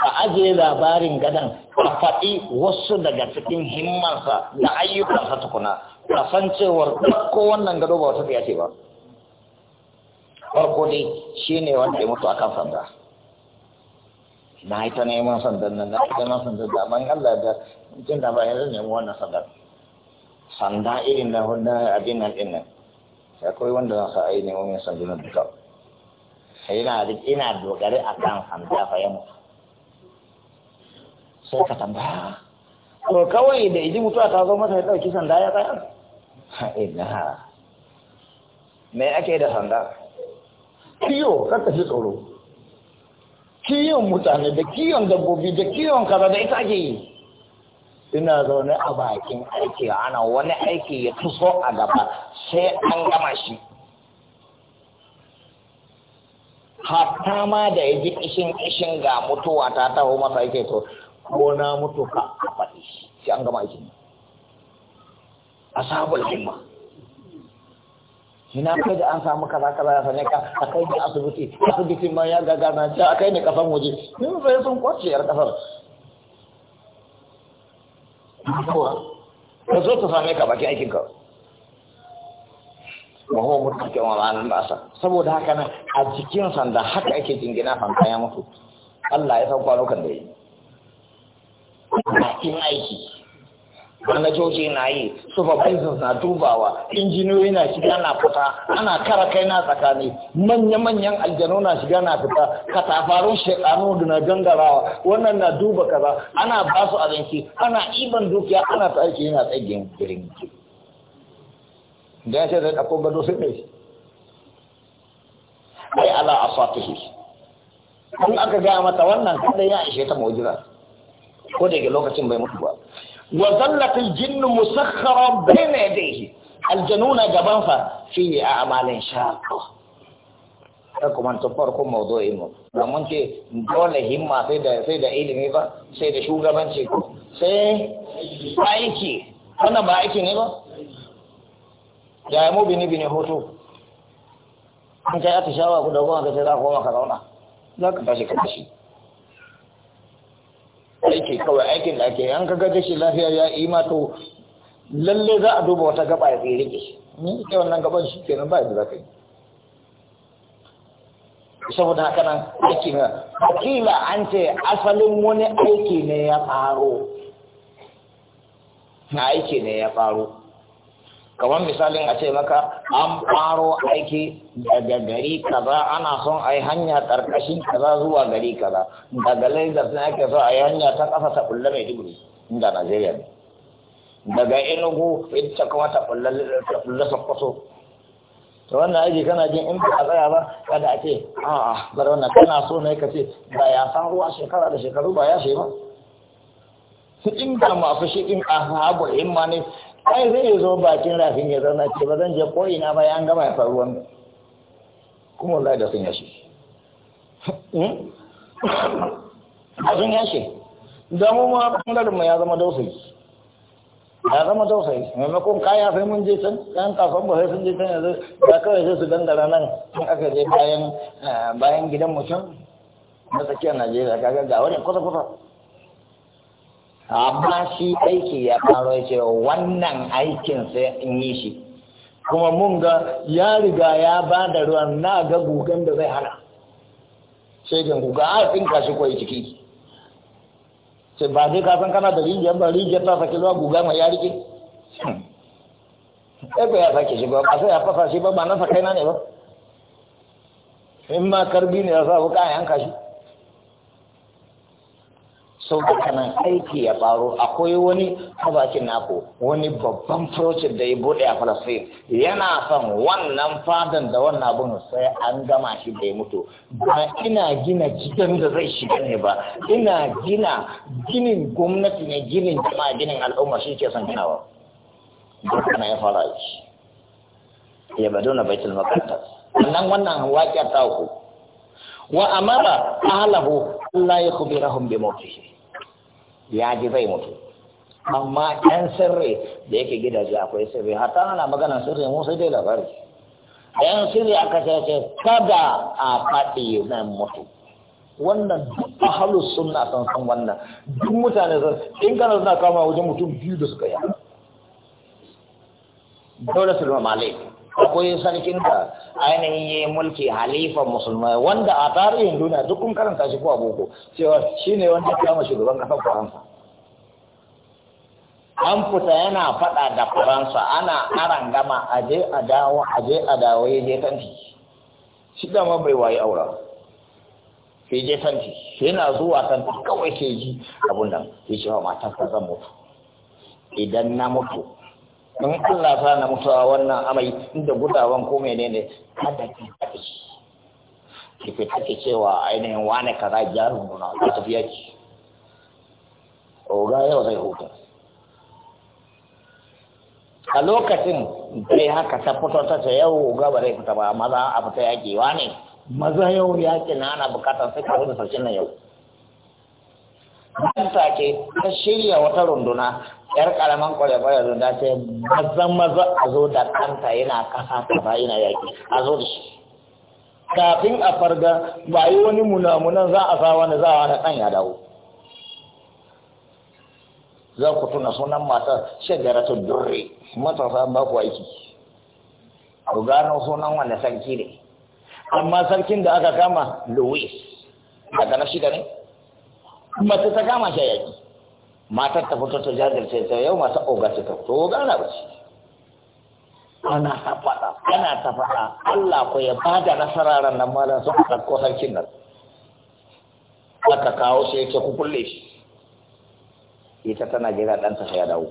a ajiye labarin gadan a faɗi wasu daga cikin himmansa da ayyukansa tukuna a san cewar ko wannan gado ba wata fiye ce ba farko dai shi ne wanda ya mutu a kan sanda na haita neman sandan nan na haita neman sandan da man Allah da jin da ba yanzu nemi wannan sandan sanda irin na wannan abin nan ɗin nan koyi wanda za sa a yi neman sandan duka yana ina dogare a kan hamza fa yamu sai ka tambaya to kawai da iji mutuwa ta zo masa ya dauki sanda ya tsaya ina me ake da sanda kiyo ka ji tsoro kiyon mutane da kiyon dabbobi da kiyon kaza da ita ake yi ina zaune a bakin aiki ana wani aiki ya tuso a gaba sai an gama shi hatta ma da ya ji ishin ishin ga mutuwa ta taho masa yake to ko na mutu ka a faɗi shi an gama a sabon himma ina kai da an samu kaza kaza ya sanya ka a kai da asibiti asibiti ma ya gaga na? ce a kai ne kasan waje yin zai sun kwace yar kasar ka zo ta same ka baki aikin ka wa mutum ke wa ma'anar ba'asa saboda haka nan a jikin sanda haka ake jingina sanda ya mutu Allah ya san kwanukan da yi bakin aiki manajoji na yi supervisors na dubawa injiniyoyi na shiga na fita ana kara kai na tsakani manya-manyan aljanu na shiga na fita katafarun shekaru da na gangarawa wannan na duba kaza ana basu su abinci ana iban dukiya ana ta aiki yana tsagin girin girin da shi zai ɗauko gado sai mai ai ala a fatihi in aka gaya mata wannan kada ya ishe ta mawajira ko da yake lokacin bai mutu ba wa zallatul jinnu musakhkhara bayna yadayhi aljanuna gabanfa fa fi a'malin shaqqa kuma ta farko mawdu'in mu da mun ce dole himma sai da sai da ilimi ba sai da shugabanci sai aiki wannan ba aiki ne ba ya mu bini bini hoto an kai atishawa guda goma ka ce za a koma ka zauna za ka tashi ka tashi aiki kawai aikin da ake an kaga gashi lafiya ya ima to lalle za a duba wata gaba ya tsaye rike ni ita wannan gaban shi kenan ba yadda za ka yi saboda haka nan aiki na kila an ce asalin wani aiki ne ya faro na aiki ne ya faro kamar misalin a ce maka an faro aiki daga gari kaza ana son a yi hanya ƙarƙashin kaza zuwa gari kaza daga laizar na ake so a yi hanya ta ƙasa ta ƙulla mai duburi inda najeriya ne daga enugu ita kuma ta ƙulla sokoto to wannan aiki kana jin in ba a tsaya ba kada a ce a'a bar wannan kana so ne ka ce ba ya san ruwa shekara da shekaru ba ya shi ba su inda masu shi in a habu himma ne ai zai zo bakin rafin ya zauna ce ba zan je ko ina ba an gama ya faruwan kuma wallahi da sun yashe hmm? a sun yashe don mu ma bangaren mu ya zama dausayi ya zama dausayi maimakon kaya sai mun je can kayan kasuwan ba sai sun je can yanzu ba kawai sai su dangara nan in aka je bayan eh, bayan gidan mutum na tsakiyar najeriya kaga ga wani kusa kusa amma shi aiki ya faro ya ce wannan aikin sai in yi shi kuma mun ga ya riga ya ba da ruwan na ga gugan da zai hana sai ga guga a tsinka kashi kwai ciki sai ba zai san kana da rijiyar ba rijiyar ta saki ruwa guga mai ya rike ɗaya hmm. ya sake shi ba ba sai ya fasa shi ba ba na sa kaina ne ba in ma karbi ne ya sa wuka yanka shi sau da kanan aiki ya faru akwai wani habakin naku wani babban project da ya bude a falastin yana son wannan fadan da wannan abin sai an gama shi da ya mutu ba ina gina gidan da zai shiga ne ba ina gina ginin gwamnati ne ginin jama ginin al'umma shi ke son ginawa dukkan ya fara shi ya bado na baitul maqdis wannan wannan waƙiyar ta ku wa amara ahlahu Allah ya bi mawtihi ya ji zai mutu amma ɗan sirri da yake gidaje akwai sirri hatta ana magana sirri mu sai dai labari ɗan sirri aka ce kada a faɗi na mutu wannan duk ahalus sunna san san wannan duk mutane zan in kana suna kama wajen mutum biyu da suka yi dole su malik akwai sarkin da ainihin yi mulki halifan musulmai wanda a tarihin duniya duk kun karanta shi ko boko cewa shi ne wanda kama shugaban kasar faransa an fita yana fada da faransa ana aran gama aje a dawo aje a dawo ya je tanti shi ma bai wayi aura Ya je tanti yana zuwa tanti kawai ke ji abun nan ya ce wa matarsa zan mutu idan na mutu don Allah ta na mutu a wannan amai inda gudawan ko menene kada ki shi ki fita ki cewa ainihin wane kaza jarin guna ta tafiya ki oga yau zai huta a lokacin dai haka ta fito ta ce yau oga ba zai fita ba maza a fita yaƙi wane maza yau yaƙi na ana bukatar sai ka hudu sarkin na yau nan take ta shirya wata runduna yar karaman kwale-kwale runduna ce mazan maza a zo da kanta yana kasa kaza yana yaki a zo da shi kafin a farga ba yi wani munamunan za a sa wani za a wani ya dawo za ku tuna sunan matar ta durre matasa ba ku aiki ku gano sunan wanda sarki ne amma sarkin da aka kama louis daga na shida ne mace ta kama shi yaki matar ta fito ta jajirce ta yau mata oga ce ta fito oga na bace ana ta faɗa ana ta faɗa Allah ko ya bada nasara ran nan malam su ka ko sarkin nan aka kawo sai yake ku kulle shi ita tana jira dan ta ya dawo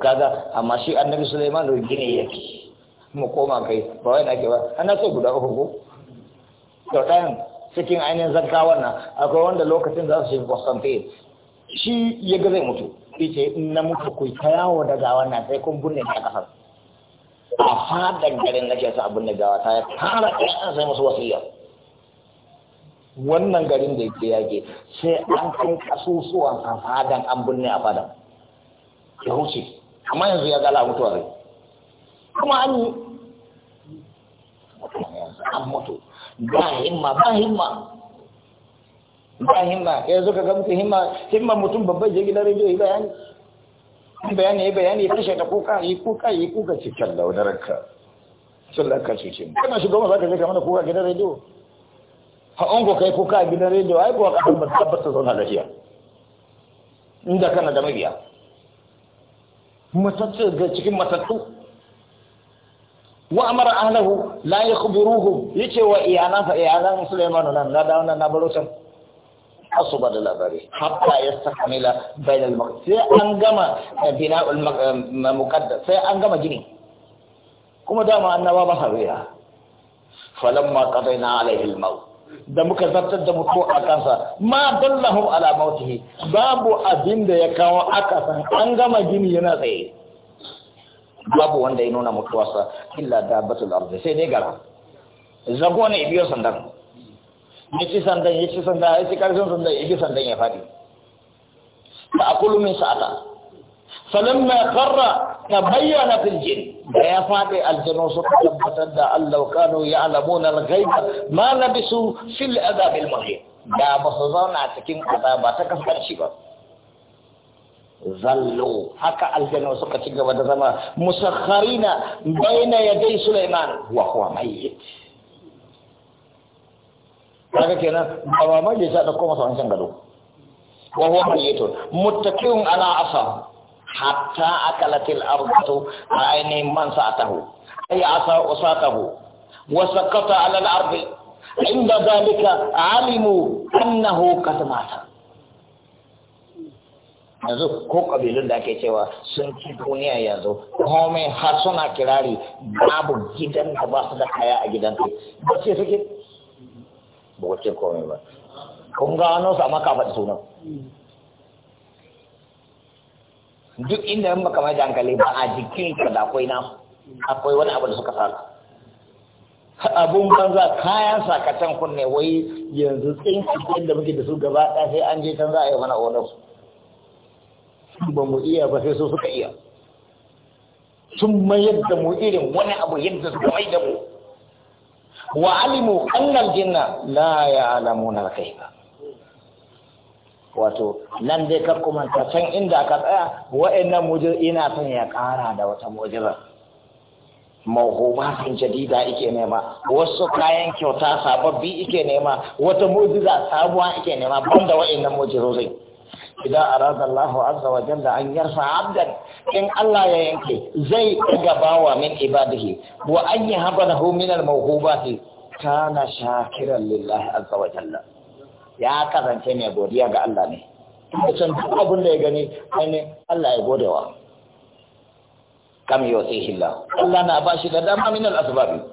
kaga amma shi annabi Sulaiman da gine yake mu koma kai ba wai nake ba ana so guda uku ko da ɗan cikin ainihin zarkawan wannan akwai wanda lokacin za su shi constantine shi ya ga zai mutu ce in na mutu ku ta yawo daga wannan sai kun burne ta kasar a fadan garin nake sa abin da gawa ta ya fara ɗayan sai musu wasiyya wannan garin da yake ke sai an kai kasusuwan a fadan an binne a fadan ya huce amma yanzu ya gala mutuwa zai kuma an yi an mutu ba himma ba himma ba himma yanzu ka ga mutum himma himma mutum babban je gidan rediyo bayani in bayani ya bayani ya kashe da kuka yi kuka yi kuka cikin laudararka sun laka cikin kana shiga wani zaka je ka mana kuka gidan rediyo ha an ko kai kuka gidan rediyo ai ko ka ba tabbata zauna lafiya inda kana da mabiya matattu ga cikin matattu wa amara ahlahu la yakhburuhum yace wa iyalan fa iyalan Sulaiman nan na da wannan na baro can asuba da labari hatta yastamila bain al sai an gama eh, bina'ul eh, muqaddas sai an gama gini kuma dama annaba ba hawiya falamma qadaina alaihi al maut da muka zartar da mutu a kansa ma dallahum ala mautihi babu abin da ya kawo aka san an gama gini yana tsaye babu wanda ya nuna mutuwarsa illa dabbatul ardi sai dai gara zago ne biyo sandan ya ci sandan ya ci sandan ya ci karfin sandan ya ci sandan ya faɗi fa akulu min sa'ata falamma qarra ta bayyana jin da ya faɗi aljanu suka tabbatar da Allah ya alamu na ghaiba ma labisu fil adab al da ba su zauna cikin azaba ta kasance ba zallu haka aljanna suka ci gaba da zama musakharina baina yadai Sulaiman wa huwa mayyit kaga kenan ba ma mai sa da kuma wancan gado wa huwa mayyit muttaqin ala asa hatta akalatil ardu aini man sa'atahu ay asa usatahu wa sakata ala al-ardi inda dhalika alimu annahu qad mata yanzu ko kabilun da ake cewa sun ci duniya yanzu komai har suna kirari babu gidan da ba su da kaya a gidan su ba ce suke ba wace komai ba kun gano su amma ka faɗi sunan duk inda yin baka mai hankali ba a jikin ka da akwai na akwai wani abu da suka fara abun banza kayan sakatan kunne wai yanzu tsinki da muke da su gaba ɗaya sai an je can za a yi mana odar ba mu iya ba sai su suka iya sun mayar da mu irin wani abu yadda suka mai da mu wa alimu annal jinna la na kai ba. wato nan dai kar manta can inda aka tsaya wa'annan mujir ina son ya kara da wata mujirar mahubatin jadida ike nema wasu kayan kyauta sababbi ike nema wata mujiza sabuwa ike nema banda wa'annan mujirozai idan arada Allah azza wa jalla an yarfa abdan in Allah ya yanke zai daga bawa min ibadihi wa an yahaba min al-mawhubati kana shakiran lillahi azza wa jalla ya kasance mai godiya ga Allah ne mutum duk abin da ya gani ne Allah ya godewa kam yusihi Allah Allah na bashi da dama min al-asbab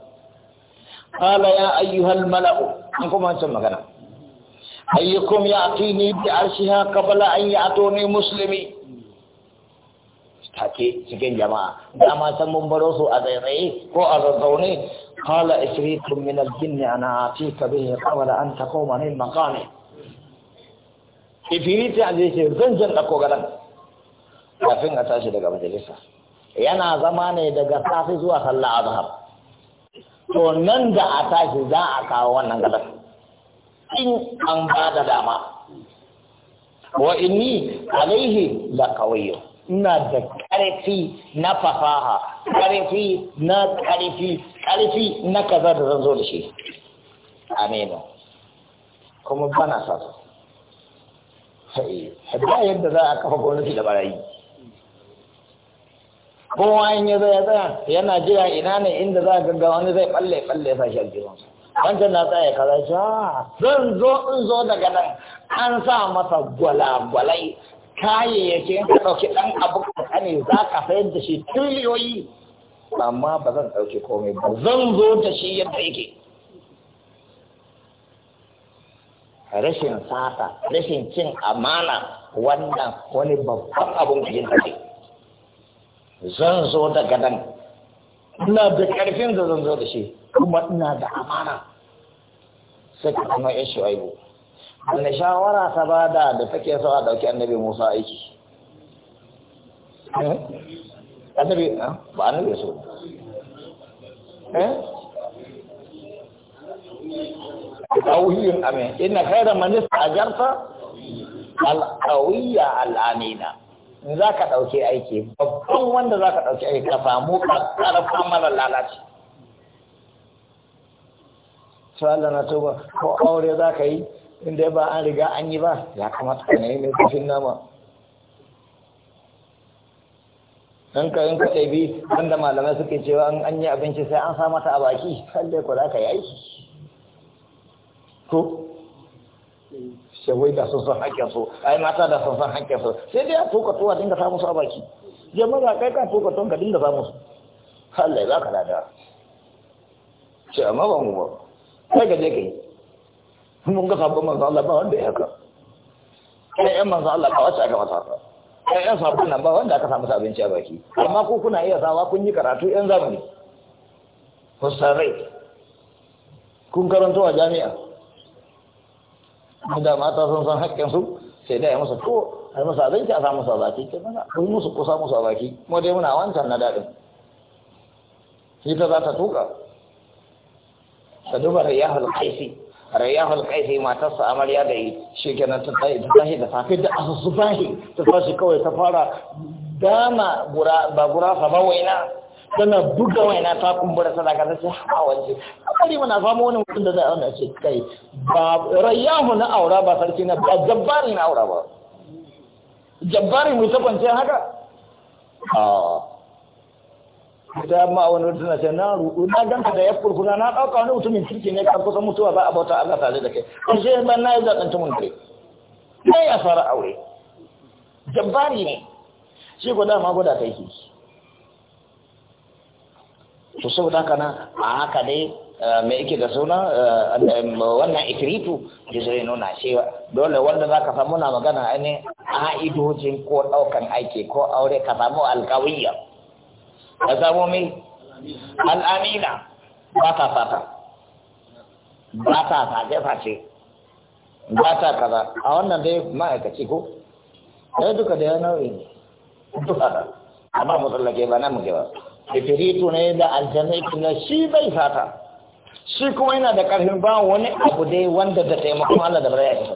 qala ya ayyuhal mala'u an kuma magana ayyukum ya'tini bi arshiha qabla an ya'tuni muslimi take cikin jama'a da ma san mun baro su a zairai ko a zazzaune qala ifritun min al-jinni ana atika bihi qabla an taquma min maqami ifriti a zai ce zan jan dako gadan kafin a tashi daga majalisa yana zama ne daga safi zuwa sallah azhar to nan da a tashi za a kawo wannan gadan in an ba da dama wa inni alaihi la qawiyyu ina da karfi na fasaha karfi na karfi karfi na kaza da zan zo da shi aminu kuma bana sa su ba yadda za a kafa gwamnati da barayi kowa in ya zaya tsaya yana jira ina ne inda za a gaggawa wani zai balle balle sa shi aljihunsa wancan na tsaye kaza shi zan zo in zo daga nan an sa masa gwalagwalai kayayyaki in ka ɗauki ɗan abu ka ne za ka sayar da shi tiliyoyi amma ba zan ɗauki komai ba zan zo da shi yadda yake rashin sata rashin cin amana wannan wani babban abun da yin zan zo daga nan ina da ƙarfin da zan zo da shi kuma ina da amana sai ka kuma ya shu'aibu wanda shawara ta ba da da take so a dauki annabi Musa aiki eh? annabi eh, ba annabi so eh tauhiyin amin inna khayra man ista'jarta al-qawiyya al-amina za ka ɗauki aiki babban wanda za ka ɗauki aiki ka samu ƙarfa mara lalaci Allah na tuba ko aure za ka yi inda ba an riga an yi ba ya kamata ka na yi mai kufin nama in ka in wanda malamai suke cewa an yi abinci sai an sa mata a baki sallai ku za ka yi aiki ko sai wai da sun san hakkin su ai mata da sun san hakkin su sai dai a toka tuwa dinga samu su a baki jama'a kai ka toka tuwa ka dinga samu su Allah ya baka lada ce amma ba mu ba kai ka je kai mun ga sabon manzo Allah ba wanda ya haka kai ƴan manzo Allah ba wacce aka masa haka kai ƴan sabon nan ba wanda aka samu abinci a baki amma ko kuna iya sawa kun yi karatu yan zamani kun sarai kun karanta wa jami'a da mata sun san su sai da ya musu to a musu abinci a samu sabaki ke mana mun musu kusa musu sabaki kuma dai muna wancan na daɗin shi ta za ta tuka ta duba rayahul kaisi rayahul kaisi matarsa amarya da yi shi kenan ta tsaye da safe da asusu bahi ta fashi kawai ta fara dama ba gurasa ba waina tana buga waina ta kumbura sadaka ta ce ha waje kare mana fama wani mutum da za a wani ce kai ba rayyahu na aura ba sarki na ba jabbari na aura ba jabbari mu ta kwance haka a ta ma wani mutum na ce na rudu na ganta da ya kurkuna na ɗauka wani mutumin kirki ne kan kusan mutuwa ba a bauta Allah tare da kai ƙarshe ban na yi zaɓen tumun kai ne ya fara aure jabbari ne shi ko ma guda ta yi to saboda haka nan a haka dai eh, me yake da suna eh, eh, wannan ikritu da zai nuna cewa dole wanda za ka samu na magana a a'idojin ko ɗaukan aiki ko aure ka samu alkawiyya ka samu mai al'amina ba ta fata ba ta face-face ba ta kaza a wannan dai ma'aikaci ko ya duka da ya ne duka da amma mutsallake ba na mu ba ifiritu ne da aljanu kuma shi bai fata shi kuma yana da ƙarfin ba wani abu dai wanda da taimakon Allah da baya isa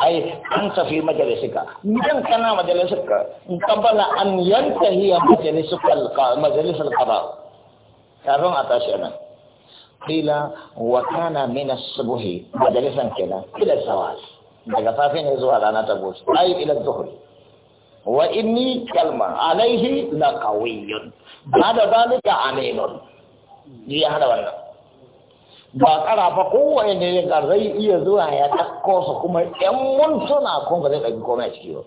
ai an tafi majalisuka, idan kana majalisuka in qabala an hiya majalisuka majalisul qada kafin a tashi nan kila wa kana min as-subhi majalisan kenan kila sawas daga safe ne zuwa rana ta gobe ai ila zuhri وإني كلمة عليه لقوي بعد ذلك عليم دي هذا ولا بقرا فقوة إن يقرأي يزوع يتكوس كم يمن سنا كم غير كم يشيو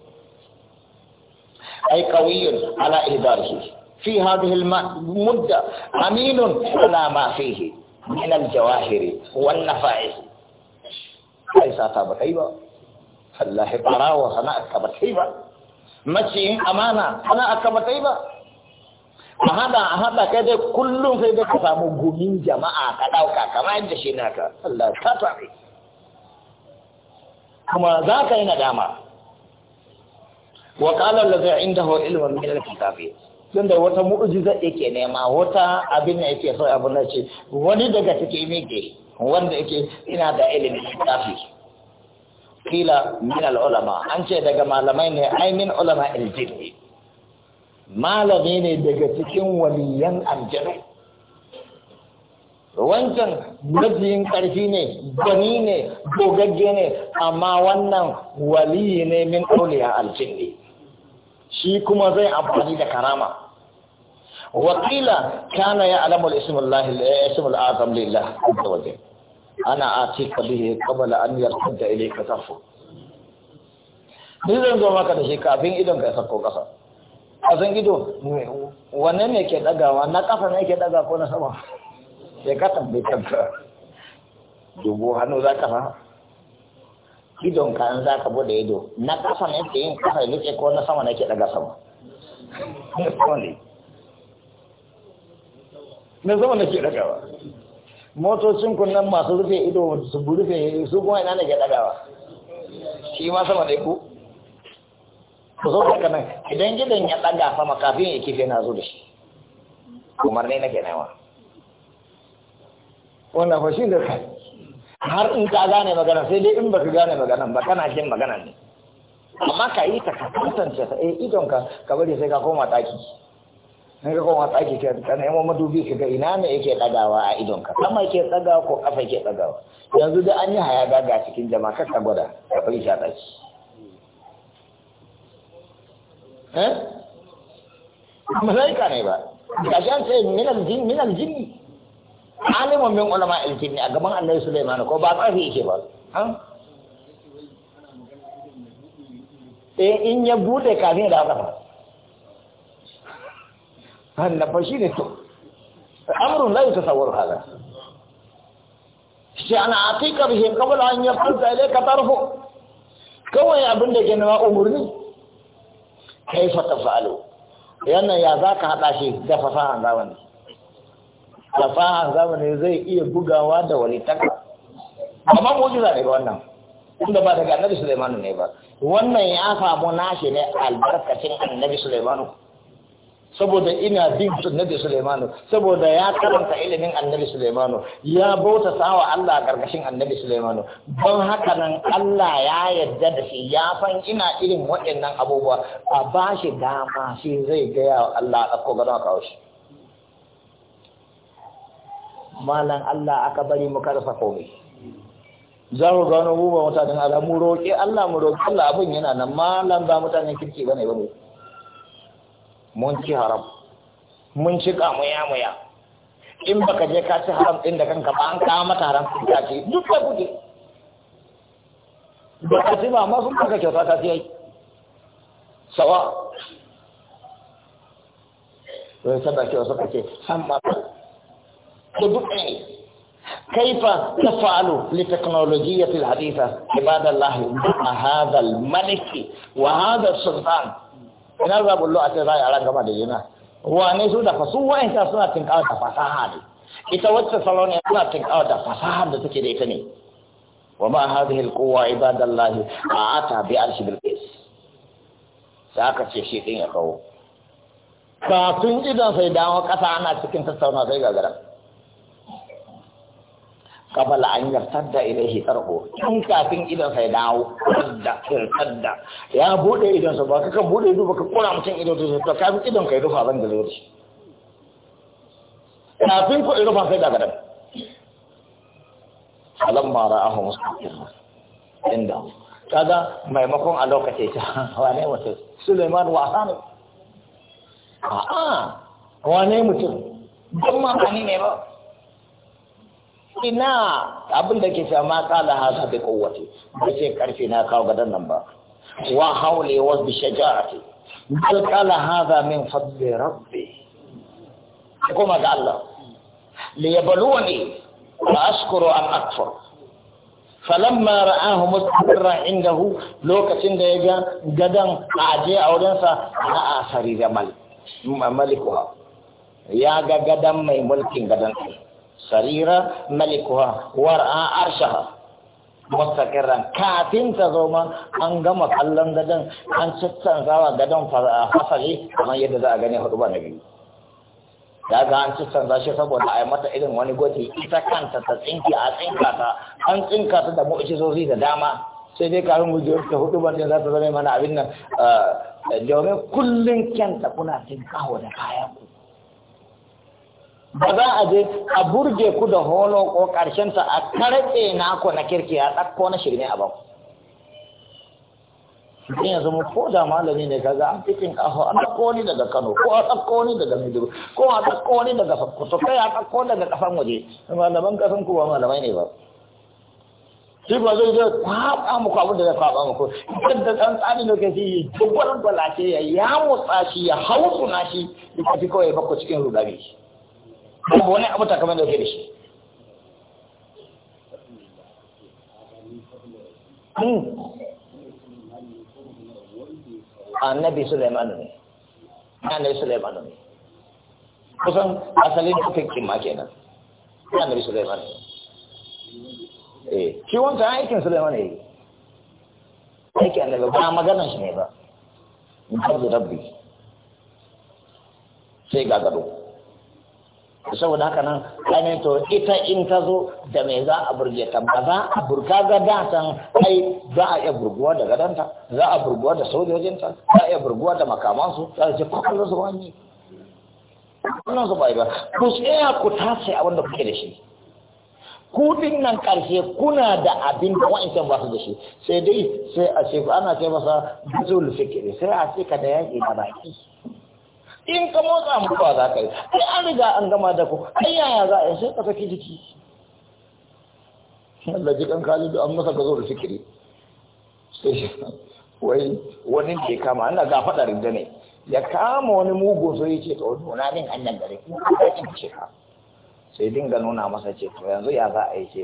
أي قوي على إداره في هذه المدة أمين على ما فيه من الجواهر والنفائس ليس ثابت أيوة فالله براه وصنعت ثابت أيوة maciyin amana ana aka bata ba a hada a hada kai dai kullum sai dai ka samu gumin jama'a ka ɗauka kamar yadda shi ka Allah ta tafi kuma za ka yi nadama wa qala allazi indahu ilmun min al-kitabi da wata mu'jiza yake nema wata abin da yake so abin da ce wani daga take mike wanda yake ina da ilimin tafi? kila min al'ulama an ce daga malamai ne ai min ulama aljinni malami ne daga cikin waliyan aljanu wancan majiyin ƙarfi ne gani ne gogagge ne amma wannan waliyi ne min auliya aljinni shi kuma zai amfani da karama wakila kana ya alamul ismul azam lillah azza ana atika bihi qabla an yartadda ilayka tarfu duk zan zo maka da shi kafin idon ka sako kasa a zan ido wanne ne ke dagawa na kafa ne ke daga ko na sama ya ka tambaye kanka dubu hannu za ka idon ka an za ka bude ido na kafa ne ke yin kafa ne ko na sama ne ke daga sama na sama ne ke dagawa motocin kunnan masu rufe ido su rufe su kuma ina ne ke ɗagawa shi ma sama da ku ku zo ka nan idan gidan ya daga sama kafin ya kife na zo da shi kumar ne nake nawa wannan fashin da kai har in ka gane magana sai dai in baka gane magana ba kana jin magana ne amma ka yi ta ka kasance ta eh idon ka ka bari sai ka koma ɗaki sai ka koma tsaki ka ka nemo madubi ka ga ina ne yake dagawa a idon ka sama yake ɗagawa ko kafa yake tsagawa yanzu da an yi haya daga cikin jama'a kasa gwada ka fari sha ɗaki eh malaika ne ba kashan sai minal jini minal jini alimun min ulama aljinni a gaban annabi sulaiman ko ba tsafi yake ba eh in ya bude kafin da aka fara hallafa shi ne to layu ta yatasawwaru hada shi ana atika bihi qabla an ile ka tarfu kawai abinda da ke nawa umurni fata tafalu yana ya za ka hada shi da fasahan zamani fasahan zamani zai iya bugawa da walitaka amma mu'jiza ne ga wannan inda ba daga annabi Suleimanu ne ba wannan ya samu nashi ne albarkacin annabi Suleimanu? saboda ina bin sunnabi Sulaimanu saboda ya karanta ilimin annabi Sulaimanu ya bauta sawa Allah a karkashin annabi Sulaimanu don haka nan Allah ya yarda da shi ya san ina irin waɗannan abubuwa a ba shi dama shi zai gaya wa Allah a ko gano kawo shi malan Allah aka bari mu karfa komai za mu gano mu mutanen Allah mu roƙi Allah mu roƙi Allah abin yana nan malan ba mutanen kirki bane ba mu mun ci haram mun ci muya muya in baka je ka ci haram din da kanka ba an ka mata haram din ka ci duk da kuke ba ka ci ba ma sun ka kyauta ta sai sawa wai sada kyau suka kake san ba ko duk ne كيف تفعل لتكنولوجية الحديثة عباد الله مع هذا الملك وهذا السلطان ina za bullo a ce za a yi aran gama da juna wane su da fasu wa'inta suna tinkawa da fasaha ne ita wacce salon ya suna tinkawa da fasaha da take da ita ne wa ma hadhihi alquwa ibadallahi a'ata bi arshi bil qis sai aka ce shi din ya kawo kafin idan sai dawo kasa ana cikin tattauna sai gagara kabala an yartadda ilaihi tarhu tun kafin idan sai dawo tadda tadda ya bude idan sa ba ka kan bude ido ba ka kora mutum ido to kafin idan kai rufa ban da zuwa kafin ku rufa sai daga nan falamma ra'ahu mustaqim inda kaga maimakon a lokacin ta wane mutum Suleiman wasa ne a'a wane mutum don ma ne ba ina abin da ke sama kala hasa bi kowace ba ce karfi na kawo gadon nan ba wa haule wa bi shaja'ati bal kala hasa min fadli rabbi kuma ga Allah li yabluwani la ashkuru am akfur falamma ra'ahu mustaqirran indahu lokacin da ya ga gadan a aje a wurinsa a asari da mal malikuha ya ga gadan mai mulkin gadan ɗin sarira malikuha war'a arshaha mustaqirran kafin ta zo ma an gama kallon gadon an zawa gadon fasali kamar yadda za a gani hudu ba na biyu Da ga an za shi saboda a yi mata irin wani gwaji ita kanta ta tsinki a tsinka an tsinka ta da zozi da dama sai dai karin gujewar ta hudu ban za ta zama mana abin nan domin kullum kyanta kuna tinkaho da kayan ku ba za a je a burge ku da holo ko ƙarshen ta a karɓe naku na kirki a ɗakko na shirme a ku. in yanzu mu ko da malami ne kaga an cikin kafa a ɗauko ni daga Kano ko a dakko ni daga Maiduguri ko a dakko ni daga Sokoto kai an ni daga kafan waje malaman kasan ku ba malamai ne ba shi ba zai zai kwaɓa muku abin da zai kwaɓa muku yadda ɗan tsarin da kai shi dubbar balace ya ya motsa shi ya hausu na shi ya fi kawai bako cikin rudari shi babu wani abu takamai da ke da shi hmm. annabi Sulaiman ne annabi Sulaiman ne kusan asalin fikin ma kenan annabi Suleiman ne eh shi wanda aikin Suleiman ne aikin annabi ba maganan shi ne ba in rabbi sai ga gado saboda haka nan ainihin to ita in ta zo da me za a burge ta ba za a burka ga datan ai za a iya burguwa da gadanta za a burguwa da sojojinta za a iya burguwa da makamansu za a ce ko su wani kwakwalwar su bai ba ku ya ku tace abin da kuke da shi din nan karshe kuna da abin da wa'ancan ba su da shi sai dai sai a ce ana ce masa bizul fikiri sai a ce ka da yaƙi da baki in ka motsa mutuwa za ka yi ai an riga an gama da ku ai yaya za a yi sai ka saki jiki Allah ji kan kalidu an masa ka zo da sikiri sai wai wani ke kama ana ga faɗa rinda ne ya kama wani mugu so ya ce to nuna min annan gare in ka ci ce ka sai dinga nuna masa ce to yanzu ya za a yi ce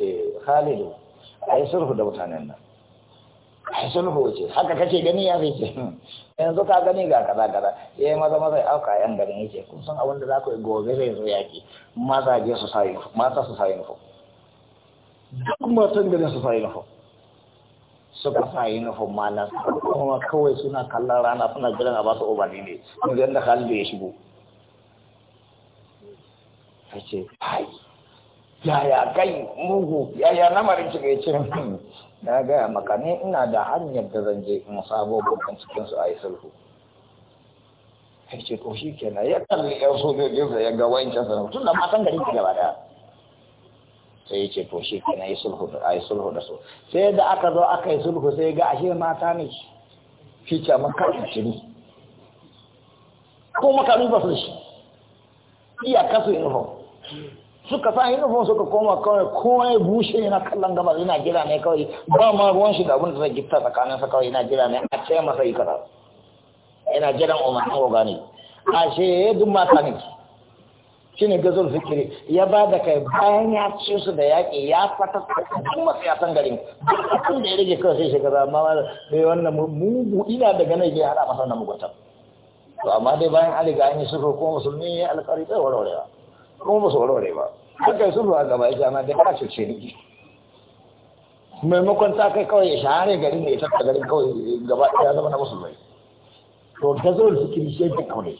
ce Khalidu ai sulhu da mutanen nan ai sulhu ce haka kace gani ya zai ce yanzu ka gani ga kaza kaza ya eh, yi maza maza ya auka yan garin yake kun san abin da za ku yi gobe zai zo yaki maza je su sa yunifom mata su sa yunifom duk matan garin su sa yunifom suka sa yunifom mana kuma kawai suna kallon rana suna jiran a ba su obani ne zai da da ya shigo ta ce hai yaya kai mugu yaya namarin shiga ya ce na gaya maka ne ina da hanyar da zan je in sabo bukan cikin su a yi sulhu sai ce to shi ke na ya kalli yan sojojinsa ya ga wancan sanar tun da matan gari ke gaba daya sai ce to shi na yi sulhu a yi sulhu da su sai da aka zo aka yi sulhu sai ga ashe mata ne shi ce mun karfi ko makaru ba su shi iya kasu uniform suka sa uniform suka koma kawai kowa ya bushe yana kallon gabas yana jira ne kawai ba ma ruwan shi da abin da zai gifta tsakanin sa kawai yana jira ne a ce masa yi kaza yana jiran umarnin organic a ce ya duk mata ne shine gazul fikiri ya ba da kai bayan ya ce su da yaƙi ya fata duk matsayatan garin duk da ya rage kawai sai shekara amma mai wannan mugu ina daga nan ya haɗa masa na mugunta to amma dai bayan an riga an yi suka kuma musulmi ya alƙari tsaye warwarewa kuma musu su warware ba haka yi zuwa gaba ya jama da ka ce ni maimakon ta kai kawai ya shahara garin da ya garin kawai gaba ya zama na musulmai to ta zo da suke shi da kawai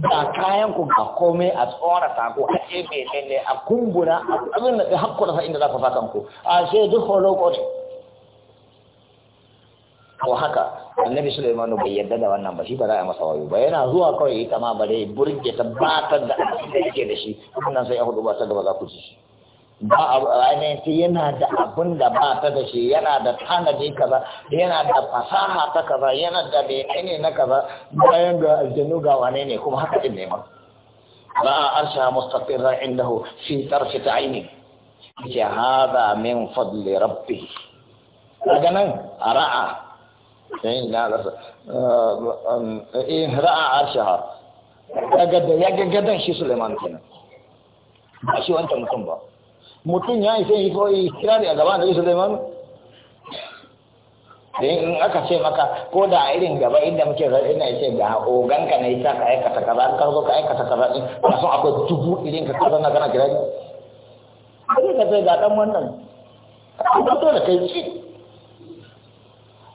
ga kayan ku ga komai a tsora sako a ce mai lalle a kumbura a abin da hakkuna sa inda za ku kanku a sai duk holo ne ko haka annabi Sulaiman bai yarda da wannan ba shi ba za a masa wayo ba yana zuwa kawai ita ma dai burge ta batar da da yake da shi wannan sai ya hudu ba da ba za ku ci ba a ainihin yana da abin da ba ta da shi yana da tanadi kaza yana da fasaha ta kaza yana da menene na kaza bayan ga aljanu ga wane ne kuma haka din neman ba a arsha mustaqirran indahu fi tarfi ta'ini ya hada min fadli rabbi daga nan ra'a. sai eh, na lasa in eh, eh, ra'a arshaha Ya da ya gaggadan shi Suleiman kenan ba shi wancan mutum ba mutum ya isa yi kawai kirari a gaba da Suleiman da in aka ce maka ko da a irin gaba inda muke zaɗi ina ce ga oganka na isa ka aikata kaza an karzo ka aikata kaza ɗin ka so akwai dubu irin ka kaza na gana kirari. Ake ka sai ga ɗan wannan. Ka da kai ci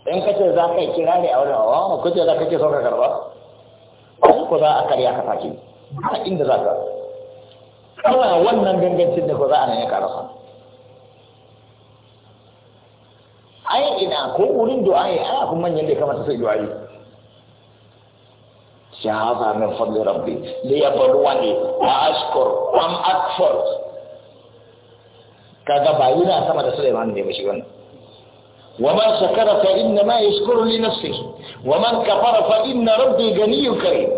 in ka ce za ka yi kira ne a wani awa ma kuce za ka ke sauka karba ai ko za a karya ka sake a inda za ka kana wannan gangancin da ko za a nan ya sa ai ina ko wurin du'a'i ai akwai manyan da ya kamata sai du'a'i shahaza min fadli rabbi li yabluwani a ashkur am akfur kaga ba yana sama da Sulaiman ne mishi wannan ومن شكر فإنما يشكر لنفسه ومن كفر فإن ربي غني كريم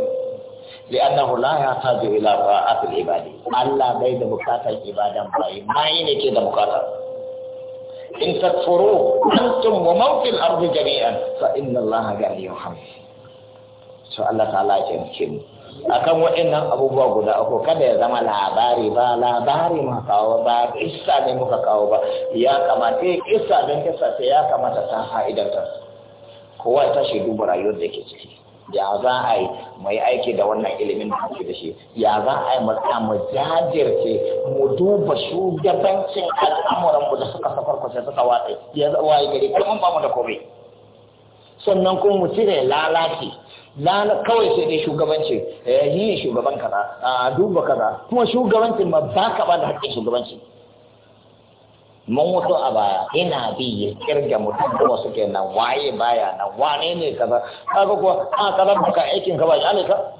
لأنه لا يحتاج إلى طاعة العباد الله بيد بكاتا عبادا باي ما ينكي بكاتا إن تكفروا أنتم ومن في الأرض جميعا فإن الله غني حميد سؤال الله تعالى جميعا akan waɗannan abubuwa guda uku kada ya zama labari ba labari ma kawo ba kissa ne muka kawo ba ya kamata eh, kissa don kissa sai ya kamata ta fa'idanta kowa ta shi duba rayuwar da ke ciki ya za a yi mai aiki da wannan ilimin da ake da shi ya za a yi mata mu jajirce mu duba shugabancin al'amuranmu da suka safarkwace suka watsa ya waye gari kuma ba mu da komai sannan kuma mu cire lalaci na kawai sai dai shugabanci yi eh, shugaban kaza a duba kaza kuma shugabancin ma ba ka bada da haƙƙin shugabanci mun wato a baya ina bi ya kirga mutum kuma suke nan waye baya nan wane ne kaza kaga kuwa a kaza baka aikin ka ba shi ka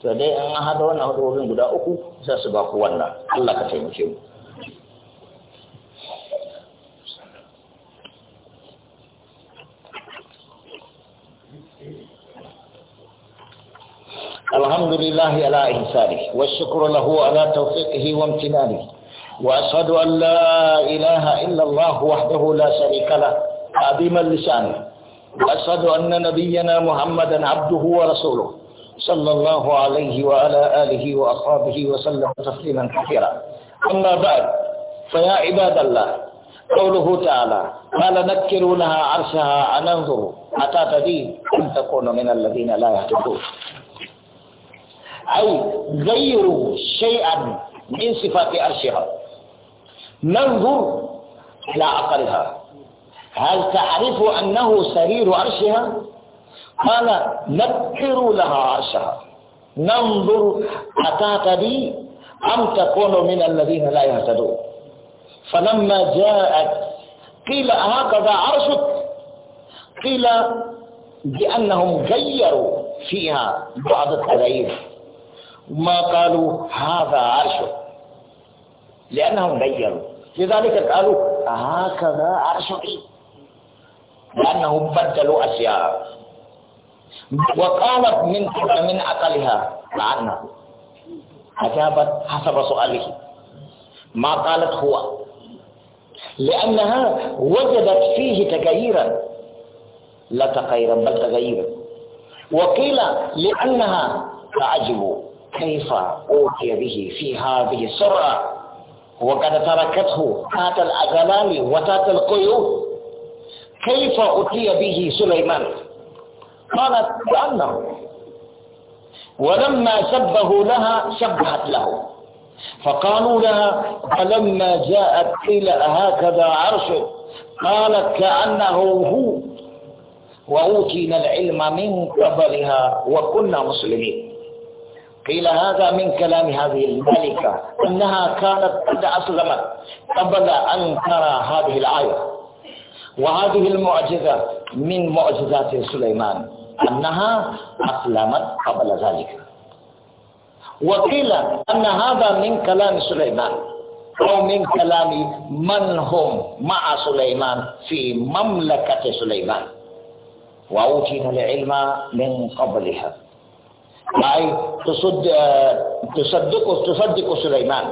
to dai an haɗa wannan hudu guda uku sai su ba ku wannan Allah ka taimake mu الحمد لله على إحسانه والشكر له على توفيقه وامتنانه وأشهد أن لا إله إلا الله وحده لا شريك له عظيم اللسان وأشهد أن نبينا محمدا عبده ورسوله صلى الله عليه وعلى آله وأصحابه وسلم تسليما كثيرا أما بعد فيا عباد الله قوله تعالى قال نكروا لها عرشها أننظروا تدين أن تكون من الذين لا يهتدون أي غيره شيئا من صفات عرشها ننظر إلى أقلها هل تعرف أنه سرير عرشها قال نكر لها عرشها ننظر أتات لي أم تكون من الذين لا يهتدون فلما جاءت قيل هكذا عرشك قيل بأنهم غيروا فيها بعض التغيير ما قالوا هذا عرشه لأنهم غيروا لذلك قالوا هكذا عرش لأنهم بدلوا أشياء وقالت من من أقلها لعنه أجابت حسب سؤاله ما قالت هو لأنها وجدت فيه تغييرا لا تغيرا بل تغييرا وقيل لأنها تعجب كيف أوتي به في هذه السرعة وقد تركته تات الأغلال وتات القيود كيف أوتي به سليمان قالت بأنه ولما سبه لها سبحت له فقالوا لها فلما جاءت قيل هكذا عرش قالت كأنه هو وأوتينا العلم من قبلها وكنا مسلمين قيل هذا من كلام هذه الملكة أنها كانت قد أسلمت قبل أن ترى هذه الآية وهذه المعجزة من معجزات سليمان أنها أسلمت قبل ذلك وقيل أن هذا من كلام سليمان أو من كلام من هم مع سليمان في مملكة سليمان وأوتينا العلم من قبلها أي تصدق تصدق سليمان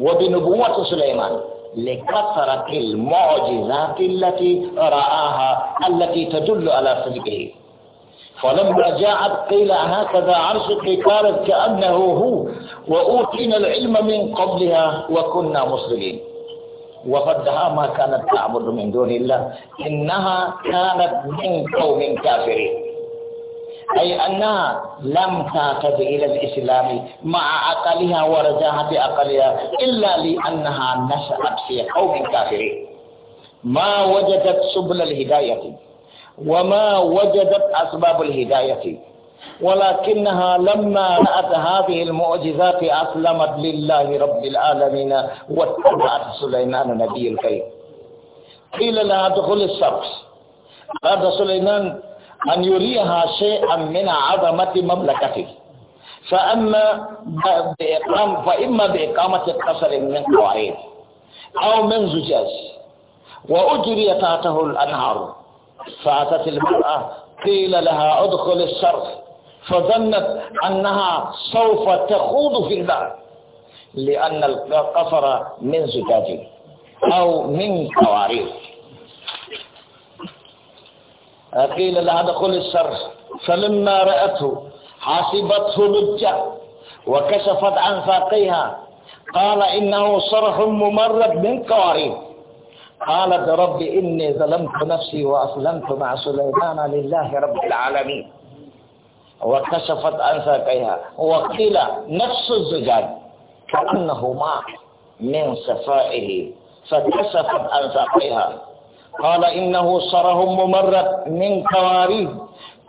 وبنبوة سليمان لكثرة المعجزات التي رآها التي تدل على صدقه فلما جاءت قيل هكذا عرشك قالت كأنه هو وأوتينا العلم من قبلها وكنا مسلمين وفدها ما كانت تعبد من دون الله إنها كانت من قوم كافرين أي أنها لم تعتد إلى الإسلام مع أقلها ورجاها بأقلها إلا لأنها نشأت في قوم كافرين ما وجدت سبل الهداية وما وجدت أسباب الهداية ولكنها لما رأت هذه المعجزات أسلمت لله رب العالمين واتبعت سليمان نبي الكريم قيل لها ادخل الشمس قال سليمان أن يريها شيئا من عظمة مملكته فأما بإقام فإما بإقامة قصر من قوارير أو من زجاج وأجري تحته الأنهار فأتت المرأة قيل لها ادخل الشرق فظنت أنها سوف تخوض في البحر لأن القصر من زجاج أو من قوارير قيل لها دخل الشر فلما رأته حاسبته لجة وكشفت عن ساقيها قال إنه صرح ممرد من قوارين قالت رب إني ظلمت نفسي وأسلمت مع سليمان لله رب العالمين وكشفت عن ساقيها وقيل نفس الزجاج كأنه ماء من صفائه فكشفت عن ساقيها قال إنه صرهم ممرد من قوارير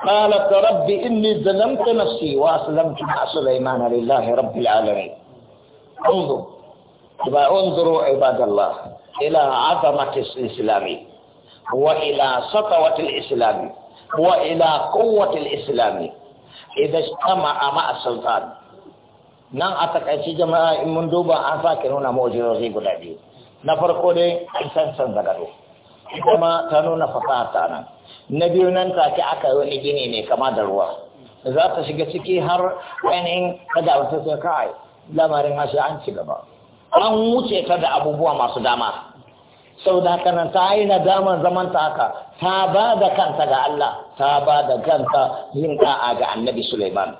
قالت رب إني ظلمت نفسي وأسلمت مع سليمان لله رب العالمين انظر انظروا عباد الله إلى عظمة الإسلام وإلى سطوة الإسلام وإلى قوة الإسلام إذا اجتمع مع السلطان نعم أتك أي جماعة من mun duba هنا موجود nuna mu'ujizozi نفرقوا لي أنسان سنزلوا ita ta nuna fasaha ta nan na biyu nan take aka yi wani gini ne kama da ruwa za ta shiga ciki har ainihin kada wata sai kai lamarin hashi an ci gaba an wuce ta da abubuwa masu dama sau da haka nan ta yi na damar zaman ta haka ta ba da kanta ga Allah ta ba da kanta yin da'a ga annabi Suleiman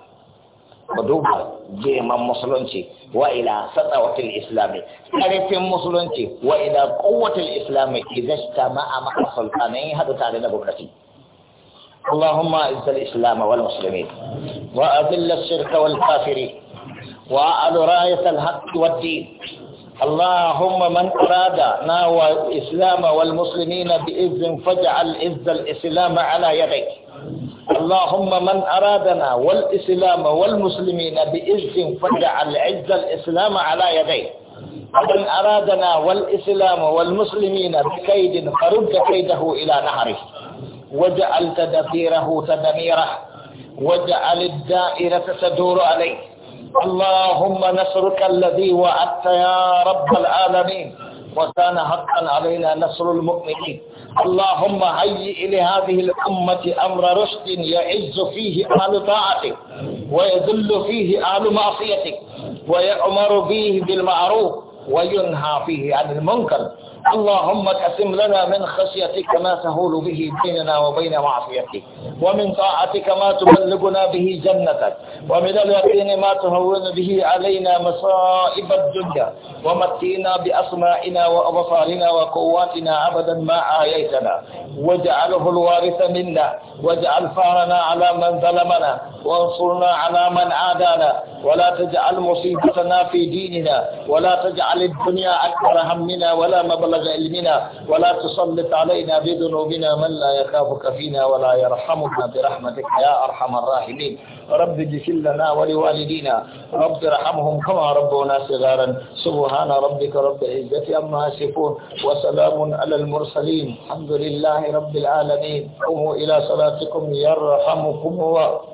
ku duba girman musulunci wa ila sadawatul islami karfin musulunci wa ila quwwatul islami idan istama'a ma'a sultanai hadu tare da gwamnati اللهم اعز الاسلام والمسلمين واذل الشرك والكافرين واعل رايه الحق والدين اللهم من أراد ناوى الإسلام والمسلمين بإذن فاجعل إذ الإسلام على يديك اللهم من أرادنا والإسلام والمسلمين بإذن فجعل عز الإسلام على يديه ومن أرادنا والإسلام والمسلمين بكيد فرد كيده إلى نهره وجعل تدبيره تدميره واجعل الدائرة تدور عليه اللهم نصرك الذي وعدت يا رب العالمين وكان حقا علينا نصر المؤمنين اللهم هيئ لهذه الأمة أمر رشد يعز فيه أهل طاعتك ويذل فيه أهل معصيتك ويأمر فيه بالمعروف وينهى فيه عن المنكر اللهم اقسم لنا من خشيتك ما تهول به بيننا وبين معصيتك ومن طاعتك ما تبلغنا به جنتك ومن اليقين ما تهون به علينا مصائب الدنيا ومتينا بأسمائنا وأبصارنا وقواتنا أبدا ما آيتنا واجعله الوارث منا واجعل فارنا على من ظلمنا وانصرنا على من عادانا ولا تجعل مصيبتنا في ديننا ولا تجعل الدنيا أكبر همنا ولا مبلغ علمنا ولا تسلط علينا بذنوبنا من لا يخافك فينا ولا يرحمنا برحمتك يا أرحم الراحمين رب اغفر لنا ولوالدينا رب ارحمهم كما ربونا صغارا سبحان ربك رب العزة عما يصفون وسلام على المرسلين الحمد لله رب العالمين قوموا إلى صلاتكم يرحمكم الله